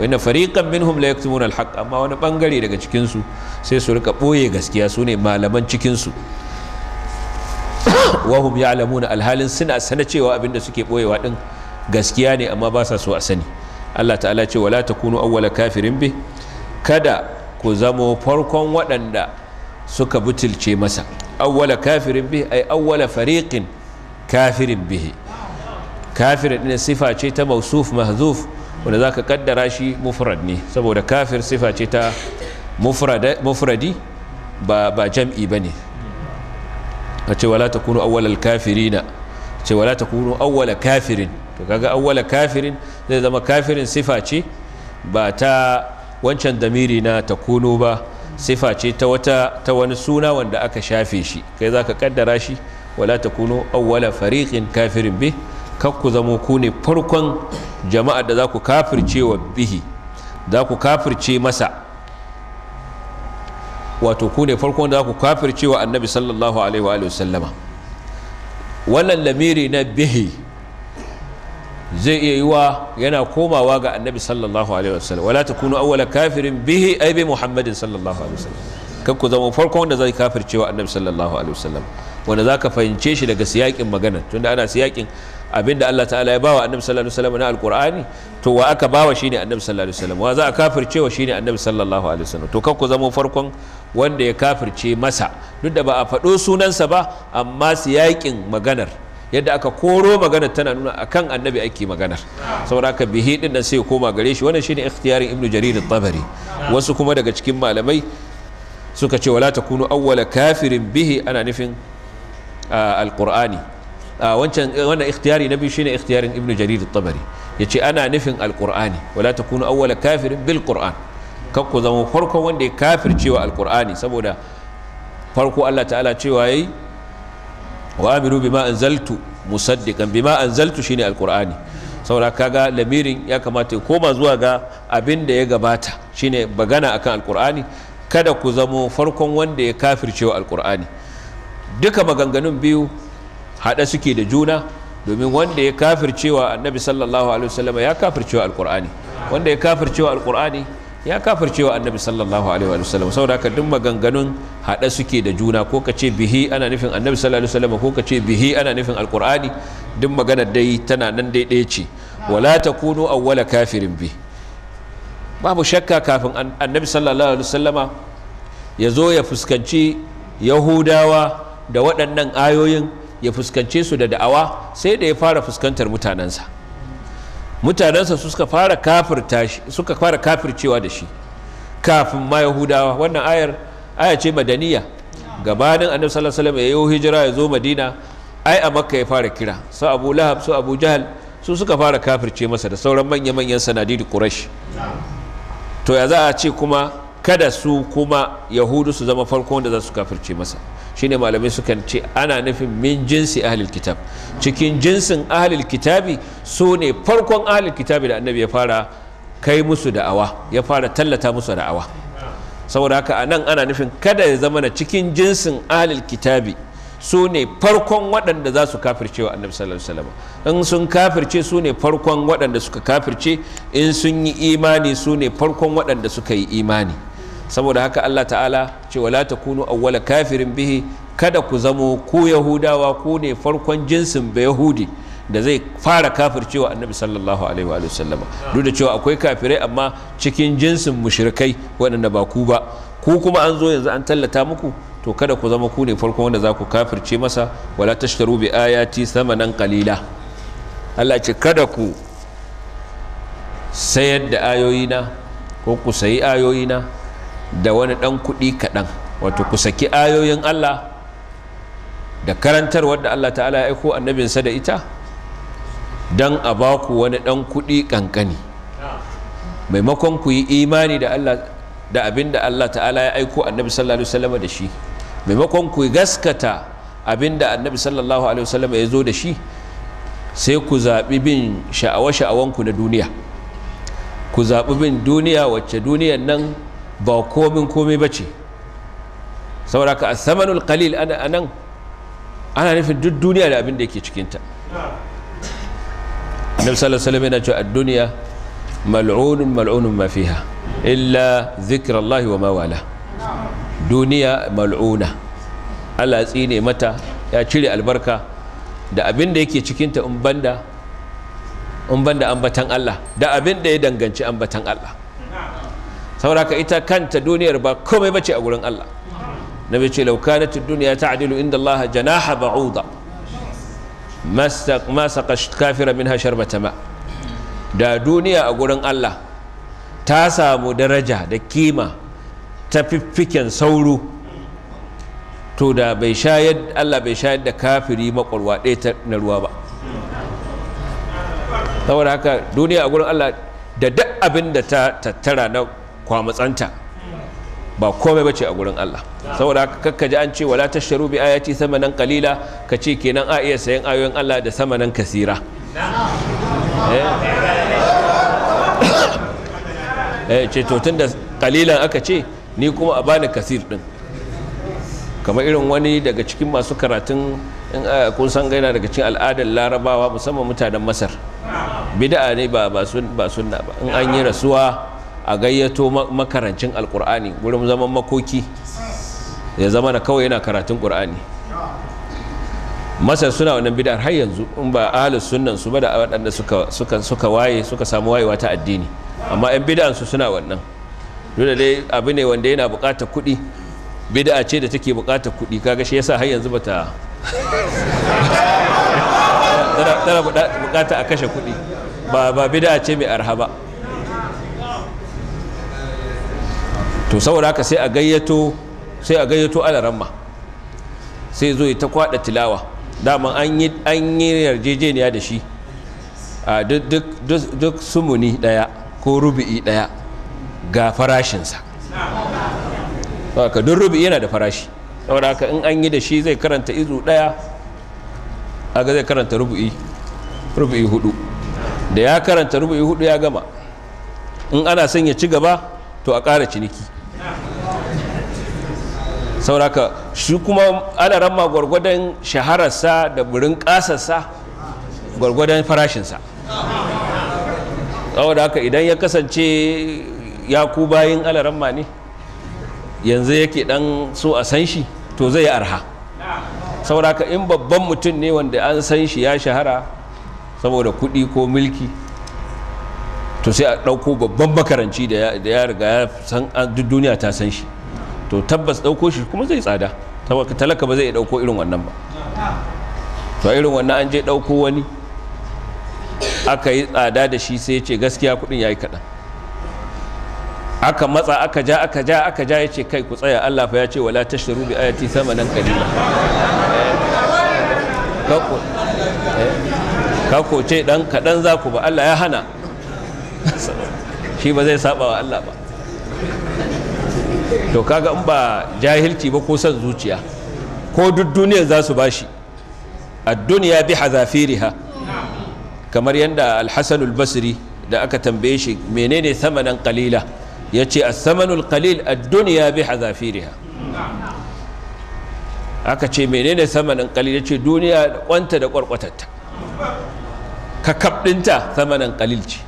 wanda fariqan minhum la yaktumuna alhaq amma wani bangare daga cikinsu sai su rika boye gaskiya su ne malaman cikinsu wahum ya'lamuna alhalin suna sana cewa abinda suke boyewa din gaskiya ne amma ba sa so a sani Allah ta'ala ce wala takunu awwala kafirin bi kada ku zamo farkon waɗanda suka butulce masa awwala kafirin bi ay awwala fariqin kafirin bihi kafir sifa ce ta mausuf mahzuf wanda zaka kaddara shi mufrad ne saboda kafir sifa ce ta mufradi ba jam'i bane a ce wala takunu awwalal kafirin zai zama kafirin sifa ce ba ta wancan damiri na kunu ba sifa ce ta wata ta wani suna wanda aka shafe shi kai zaka kaddara shi wala takunu awwala fariqin kafirin bih ku zamo ku ne farkon jama'a da za ku kafirce wa bihi za ku kafirce masa wato ku ne farkon da za ku kafirce wa annabi sallallahu alaihi wa sallama wannan lamiri na bihi zai iya yiwa yana komawa ga annabi sallallahu alaihi wa sallam wala takunu awwala kafirin bihi ay bi muhammadin sallallahu alaihi wa sallam kan ku zama farkon wanda zai kafircewa annabi sallallahu alaihi wasallam wanda zaka fahimce shi daga siyakin magana tunda ana siyakin abinda Allah ta'ala ya bawa annabi sallallahu alaihi wasallam na alqur'ani to wa aka bawa shine annabi sallallahu alaihi wasallam wa za a kafircewa shine annabi sallallahu alaihi wasallam to kan ku zama farkon wanda ya kafirce masa duk da ba a faɗo sunansa ba amma siyakin maganar yadda aka koro maganar tana nuna akan annabi ake maganar saboda haka bihi din nan sai koma gare shi wannan shine ikhtiyarin ibnu jarir at-tabari wasu kuma daga cikin malamai suka ce wala takunu awwala kafirin bihi ana nufin alqur'ani wancan wannan ikhtiyari na biyu shine ikhtiyarin ibnu jarir at-tabari yace ana nufin alqur'ani wala takunu awwala kafirin bil qur'an kakku zama farkon wanda ya kafircewa alqur'ani saboda farko Allah ta'ala cewa yayi wa aminu bima anzaltu musaddiqan bima anzaltu shine alqur'ani saboda kaga lamirin ya kamata ya koma zuwa ga abin da ya gabata shine bagana akan alqur'ani kada ku zamo farkon wanda ya kafircewa alkur'ani duka maganganun biyu haɗa suke da juna domin wanda ya kafircewa annabi sallallahu alaihi wasallam ya kafircewa alkur'ani wanda ya kafircewa alkur'ani ya kafircewa annabi sallallahu alaihi wasallam saboda haka duk maganganun haɗa suke da juna ko ka ce bihi ana nufin annabi sallallahu alaihi wasallam ko ka ce bihi ana nufin alkur'ani duk maganar dai tana nan dai ce wala takunu awwala kafirin bihi babu shakka kafin annabi sallallahu alaihi wasallama ya zo ya fuskanci yahudawa da waɗannan ayoyin ya fuskance su da da'awa sai da ya fara fuskantar mutanensa mutanensa suka fara kafircewa da shi kafin ma yahudawa wannan ayar aya ce madaniya gabanin annabi sallallahu alaihi wasallam ya yi hijira ya zo madina ai a makka ya fara kira su abu lahab su abu jahal su suka fara kafirce masa da sauran manya-manyan sanadi da quraish to ya za a ce kuma kada su kuma yahudu su zama farko wanda za su kafirce masa shine malamai sukan ce ana nufin min jinsi ahlul kitab cikin jinsin ahlul kitabi su ne farkon ahlul kitabi da annabi ya fara kai musu da'awa ya fara tallata musu da'awa saboda haka anan ana nufin kada ya zama na cikin jinsin ahlul kitabi su ne farkon waɗanda za su kafirce wa annabi sallallahu alaihi wasallam in sun kafirce su ne farkon waɗanda suka kafirce in sun yi imani su ne farkon waɗanda suka yi imani saboda haka Allah ta'ala ce wala takunu awwala kafirin bihi kada ku zamo ku yahudawa ku ne farkon jinsin ba yahudi da zai fara kafircewa annabi sallallahu alaihi wa sallam. duk da cewa akwai kafirai amma cikin jinsin mushrikai waɗanda ba ku ba ku kuma an zo yanzu an tallata muku to kada ku zama ku ne farkon wanda za ku kafirce masa wala tashtaru bi ayati nan qalila Allah ce kada ku sayar da ayoyina ko ku sayi ayoyina da wani dan kuɗi kaɗan wato ku saki ayoyin Allah da karantar da Allah ta'ala ya aiko annabinsa da ita don a ba ku wani ɗan kuɗi ƙanƙani maimakon ku yi imani da Allah da abin da Allah ta'ala ya aiko annabi sallallahu alaihi wasallam da shi maimakon ku gaskata abinda annabi sallallahu alaihi wasallam ya zo da shi sai ku zaɓi bin sha'awa-sha'awanku na duniya ku zaɓi bin duniya wacce duniyan nan ba komin komai ba ce sauraka asamanul qalil ana nan ana nufin duk duniya da abin da yake cikinta annabi sallallahu alaihi wasallam yana cewa ad-dunya mal'unun mal'unun ma fiha illa zikrallahi wa mawala wala duniya mal'una Allah tsine mata ya cire albarka da abin da yake cikinta in umbanda in ambatan Allah da abin da ya danganci ambatan Allah sauraka ita kanta duniyar ba komai bace a gurin Allah nabi ce law kanat dunya ta'dilu inda Allah janaha ba'uda ma saqa kafira minha sharbata ma da duniya a gurin Allah ta samu daraja da kima ta fiffiken sauro to da bai shayar Allah bai shayar da kafiri makwarwa ɗaya na ruwa ba saboda haka duniya a gurin Allah da duk abin da ta tattara na kwamatsanta ba komai bace a gurin Allah saboda haka kakka ji an ce wala tashtaru bi ayati samanan qalila ka ce kenan a iya sayan ayoyin Allah da samanan kasira eh? eh ce to tunda qalilan aka ce ni kuma a bani kasir din kamar irin wani daga cikin masu karatun in eh, kun san gaina daga cikin al'adar larabawa musamman mutanen masar bida'a ne ba ba sunna ba in an yi rasuwa a gayyato makarancin alkur'ani wurin zaman makoki ya zama na kawai yana karatun qur'ani masar suna wannan bid'ar har yanzu in ba ahlus sunnan su ba da waɗanda suka suka suka waye suka samu wayewa ta addini amma yan bid'an su suna wannan dole dai abu ne wanda yana bukatar kuɗi bid'a ce da take bukatar kuɗi kaga shi yasa har yanzu bata tara bukata a kashe kuɗi ba ba bid'a ce mai arha ba to saboda haka sai a gayyato sai a gayyato alaramma sai zo ta kwada tilawa daman an yi an yi yarjejeniya da shi a duk duk sumuni daya ko rubi'i daya ga farashinsa haka duk rubi yana da farashi saboda haka in an yi da shi zai karanta izu daya aga zai karanta rubu'i rubu'i hudu da ya karanta rubu'i hudu ya gama in ana son ya ci gaba to a ƙara ciniki saboda haka shi kuma ana ramma gwargwadon shahararsa da burin ƙasarsa gwargwadon farashinsa saboda haka idan ya kasance ya ku bayin alaramma ne yanzu yake dan so a san shi to zai arha sauraka in babban mutum ne wanda an san shi ya shahara saboda kuɗi ko milki to sai a ɗauko babban makaranci da ya riga ya san duk duniya ta san shi to tabbas ɗauko shi kuma zai tsada talaka ba zai ɗauko irin wannan ba to irin wannan an je ɗauko wani aka yi tsada da shi sai ce gaskiya kuɗin ya yi kaɗan aka matsa aka ja aka ja aka ja ya ce kai ku tsaya Allah fa ya ce wala tashtaru bi ayati samanan nan eh. kako eh. kako ce dan kadan za ku ba Allah ya hana shi ba zai saba wa Allah ba to kaga in ba jahilci ba ko son zuciya ko duk duniyar za su bashi ad-dunya bi hazafiriha kamar yadda al-hasan al-basri da aka tambaye shi menene samanan qalila ya ce asamanul kalil ad-dunya bi hazafiriha aka ce menene samanin kalil? ya ce duniya da kwanta da kwarkwatarta ka kabdinta samanin qalil ce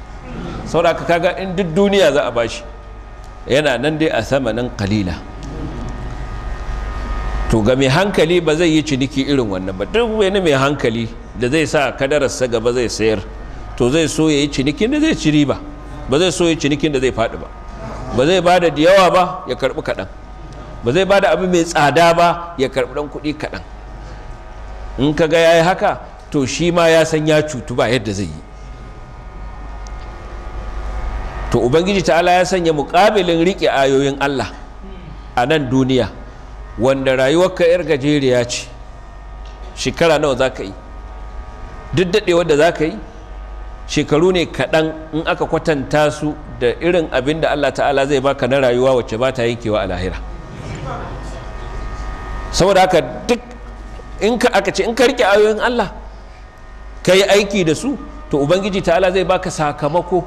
saboda kaga in duk duniya za a bashi yana nan dai a samanin kalila. to ga mai hankali ba zai yi ciniki irin wannan ba duk wani mai hankali da zai sa kadararsa gaba zai sayar to zai so ya yi cinikin da zai ci riba ba zai so ya yi cinikin da zai faɗi ba ba zai ba da yawa ba ya karbi kaɗan ba zai ba da abu mai tsada ba ya karbi ɗan kuɗi kaɗan in ka ga ya yi haka to shi ma ya san ya cutu ba yadda zai yi to ubangiji ta'ala ya sanya muƙabilin riƙe ayoyin allah a nan duniya wanda ka 'yar gajeriya ce shekara nawa za ka yi duk daɗewar da za ka yi shekaru ne kaɗan in aka kwatanta su da irin abin da Allah ta'ala zai baka na rayuwa wacce ba ta yankewa a lahira saboda haka duk in ka aka ce in ka rike ayoyin Allah ka yi aiki da su to ubangiji ta'ala zai baka sakamako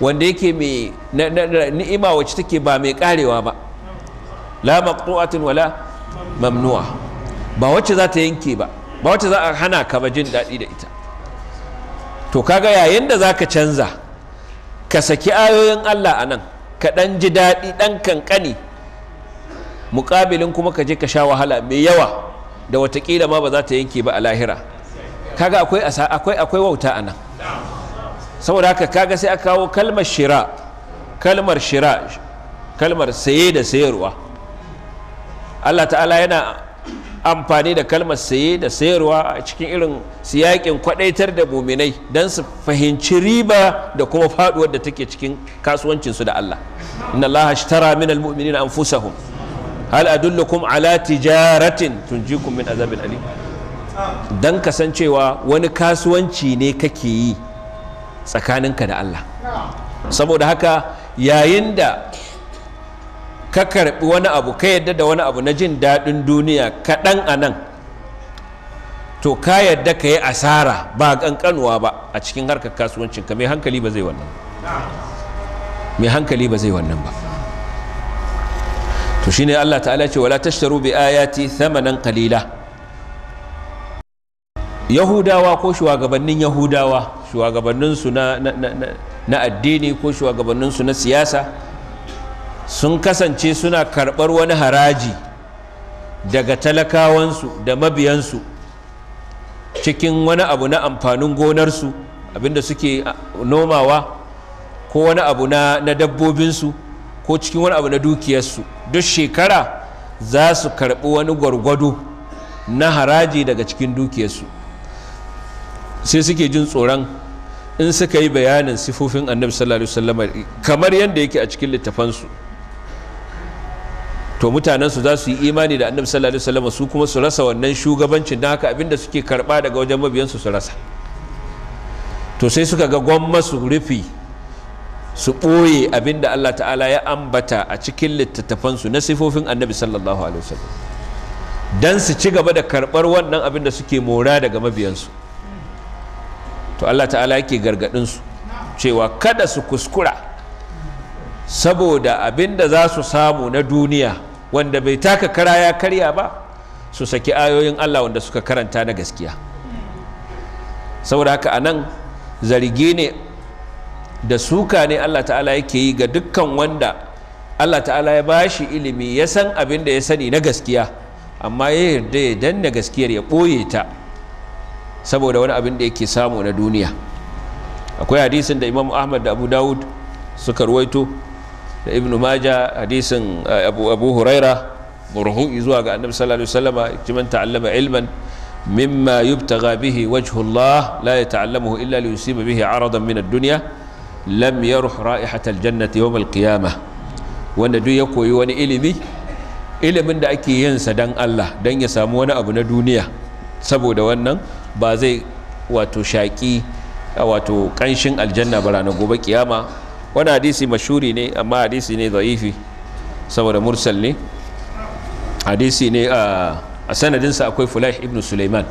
wanda yake mai ni'ima wacce take ba mai karewa ba la maqtu'atin wala mamnu'a ba wacce za ta yanke ba ba wacce za a hana ka ba jin daɗi da ita to kaga yayin da zaka canza ka saki ayoyin Allah anan ka ɗan ji daɗi ɗan kankani muƙabilin kuma ka je ka sha wahala mai yawa da watakila ma ba za ta yanke ba a lahira kaga akwai akwai akwai wauta anan saboda haka kaga sai aka kawo kalmar shira kalmar shira kalmar saye da sayarwa Allah ta'ala yana amfani da kalmar saye da sayarwa a cikin irin siyakin kwadaitar da muminai don su fahimci riba da kuma faduwar da take cikin kasuwancinsu da Allah inna Allah ashtara min almu'minina anfusahum hal adullukum ala tijaratin tunjikum min azabin ali don kasancewa wani kasuwanci ne kake yi tsakaninka da Allah saboda haka yayin da ka karɓi wani abu ka yadda da wani abu na jin daɗin duniya kaɗan a nan to ka yadda ka yi asara ba ƙanƙanuwa ba a cikin harkar kasuwancin ka mai hankali ba zai wannan ba zai wannan ba to Allah ta'ala ce wala tashtaru bi ayati thamanan qalila yahudawa ko shugabannin yahudawa shugabanninsu na addini ko shugabanninsu na siyasa sun kasance suna karɓar wani haraji daga talakawansu da mabiyansu cikin wani abu na amfanin gonarsu abinda suke nomawa ko wani abu na, dabbobinsu ko cikin wani abu na dukiyarsu duk shekara za su karɓi wani gwargwado na haraji daga cikin dukiyarsu sai suke jin tsoron in suka yi bayanin sifofin annabi sallallahu alaihi wasallam kamar yadda yake a cikin littafansu to mutanensu za su yi imani da annabi sallallahu alaihi wasallam su kuma su rasa wannan shugabancin da haka abinda suke karba daga wajen mabiyansu su rasa to sai suka ga gwamma su rufi su ɓoye abinda Allah ta'ala ya ambata a cikin littattafansu na sifofin annabi sallallahu alaihi wasallam don su ci gaba da karɓar wannan abinda suke mora daga mabiyansu to Allah ta'ala yake gargaɗinsu cewa kada su kuskura saboda abinda za su samu na duniya wanda bai taka kara ya karya ba su saki ayoyin Allah wanda suka karanta na gaskiya saboda haka anan nan zargi ne da suka ne Allah ta'ala yake yi ga dukkan wanda Allah ta'ala ya bashi ilimi ya san abin da ya sani na gaskiya amma ya yarda ya danna gaskiyar ya ɓoye ta saboda wani abin da yake samu na duniya akwai hadisin da imam ahmad da abu dawud suka ruwaito da ibnu maja hadisin eh, abu huraira murhu zuwa ga annabi sallallahu alaihi wasallama man ta'allama ilman mimma yubtagha bihi wajhullah Allah la yata'allamuhu illa li yusiba bihi 'aradan min ad-dunya lam yaruh ra'ihat al-jannati yawm al-qiyamah wanda duk ya koyi wani ilimi ilimin da ake yin sa dan Allah dan ya samu wani abu na duniya saboda wannan ba zai wato shaki wato kanshin aljanna ba ranar gobe kiyama wani hadisi mashuri ne amma hadisi ne za'ifi saboda mursal ne hadisi ne a sanadinsa akwai Fulai ibn suleiman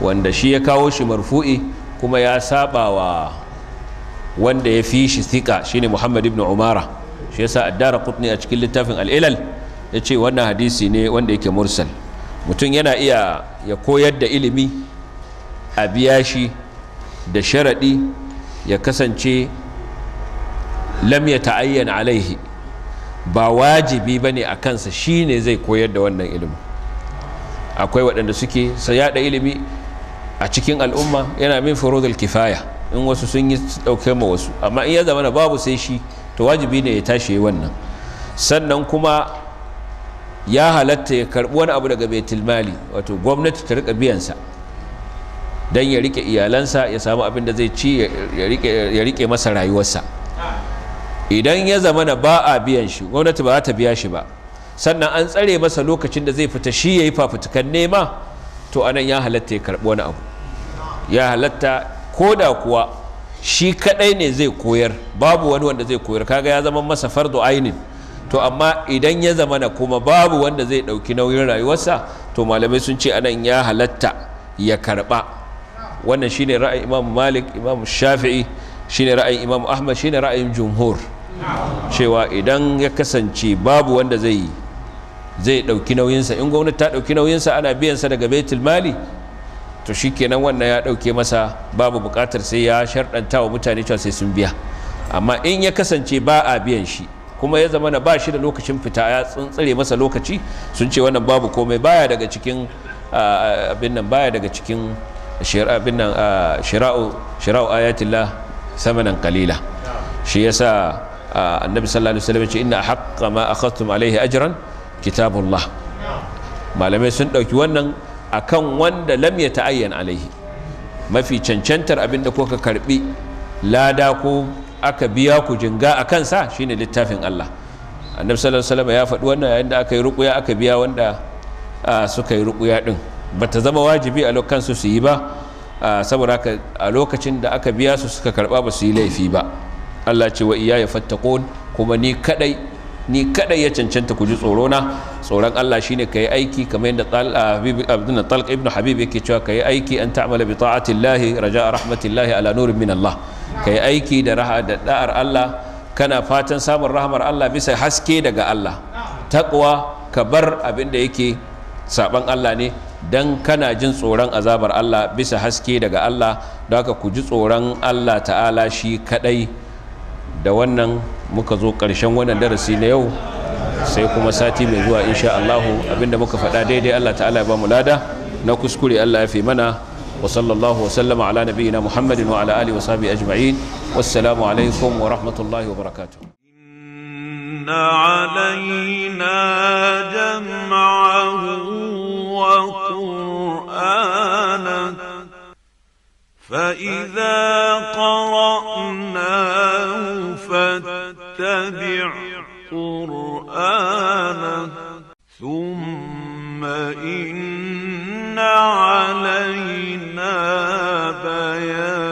wanda shi ya kawo shi marfu'i kuma ya saba wa wanda ya fi shi thika shine muhammad ibn umara shi yasa addara kutni a cikin littafin al'ilal ya ce wannan hadisi ne wanda yake mursal mutum yana iya ya koyar da ilimi a biya shi da sharaɗi ya kasance lam ya ta'ayyan alaihi ba wajibi ba ne a kansa shi ne zai koyar da wannan ilimin akwai waɗanda suke sayada ilimi a cikin al'umma yana min furudul kifaya in wasu sun yi ɗauke ma wasu amma in ya zama na babu sai shi to wajibi ne ya tashi wannan sannan kuma ya halatta ya karɓi wani abu daga baitul mali wato gwamnati ta rika biyansa don ya rike iyalansa ya samu abin da zai ci ya rike masa rayuwarsa idan ya zama na ba a biyan shi gwamnati ba za ta biya shi ba sannan an tsare masa lokacin da zai fita shi ya yi fafutukan nema to anan ya halatta ya karɓi wani abu ya halatta ko da kuwa shi kaɗai ne zai koyar babu wani wanda zai koyar kaga ya zama masa fardu ainin to amma idan ya zama na kuma babu wanda zai ɗauki nauyin rayuwarsa to malamai sun ce anan ya halatta ya karɓa wannan shine ra'ayin imam malik imam shafi'i shine ra'ayin imam ahmad shine ra'ayin jumhur cewa idan ya kasance babu wanda zai zai dauki nauyinsa in gwamnati ta dauki nauyinsa ana biyansa daga baitul mali to shikenan wannan ya dauke masa babu bukatar sai ya sharɗanta wa mutane cewa sai sun biya amma in ya kasance ba a biyan shi kuma ya zama na ba shi da lokacin fita ya tsuntsare masa lokaci sun ce wannan babu komai baya daga cikin abin nan baya daga cikin shira'u ayatillah samanan kalila shi yasa annabi sallallahu alaihi wasallam ya ce inna haqqa ma akhadtum alaihi ajran kitabullah malamai sun dauki wannan akan wanda lam ya alaihi mafi cancantar abinda kuka karbi lada ko aka biya ku jinga a kansa shine littafin Allah annabi sallallahu alaihi wasallam ya faɗi wannan yayin da aka yi ruƙuya aka biya wanda suka yi ruƙuya din bata zama wajibi a lokacin su yi ba Ah, saboda haka a lokacin da aka biya su suka karba ba su yi laifi ba Allah ce wa iyaye fattakon kuma ni kadai ni kadai ya cancanta ku ji tsoro na tsoron Allah shine kai aiki kamar yadda ah, Abdul ah, Talq ibn Habib yake cewa kai aiki an ta'mala bi ta'atillahi raja'a rahmatillahi ala nurin min Allah kai aiki da raha da da'ar Allah kana fatan samun rahmar Allah bisa haske daga Allah takwa ka bar abin da yake saban Allah ne dan kana jin tsoron azabar Allah bisa haske daga Allah da haka ku ji tsoron Allah ta'ala shi kadai da wannan muka zo ƙarshen wannan darasi na yau sai kuma sati mai zuwa insha Allah abinda muka faɗa daidai Allah ta'ala ya ba mu lada na kuskure Allah ya fi mana wa sallallahu wa sallama ala nabiyina Muhammadin wa ala alihi wa sahbihi ajma'in wassalamu alaikum wa rahmatullahi wa barakatuh إن علينا جمعه وقرآنه فإذا قرأناه فاتبع قرآنه ثم إن علينا بيانه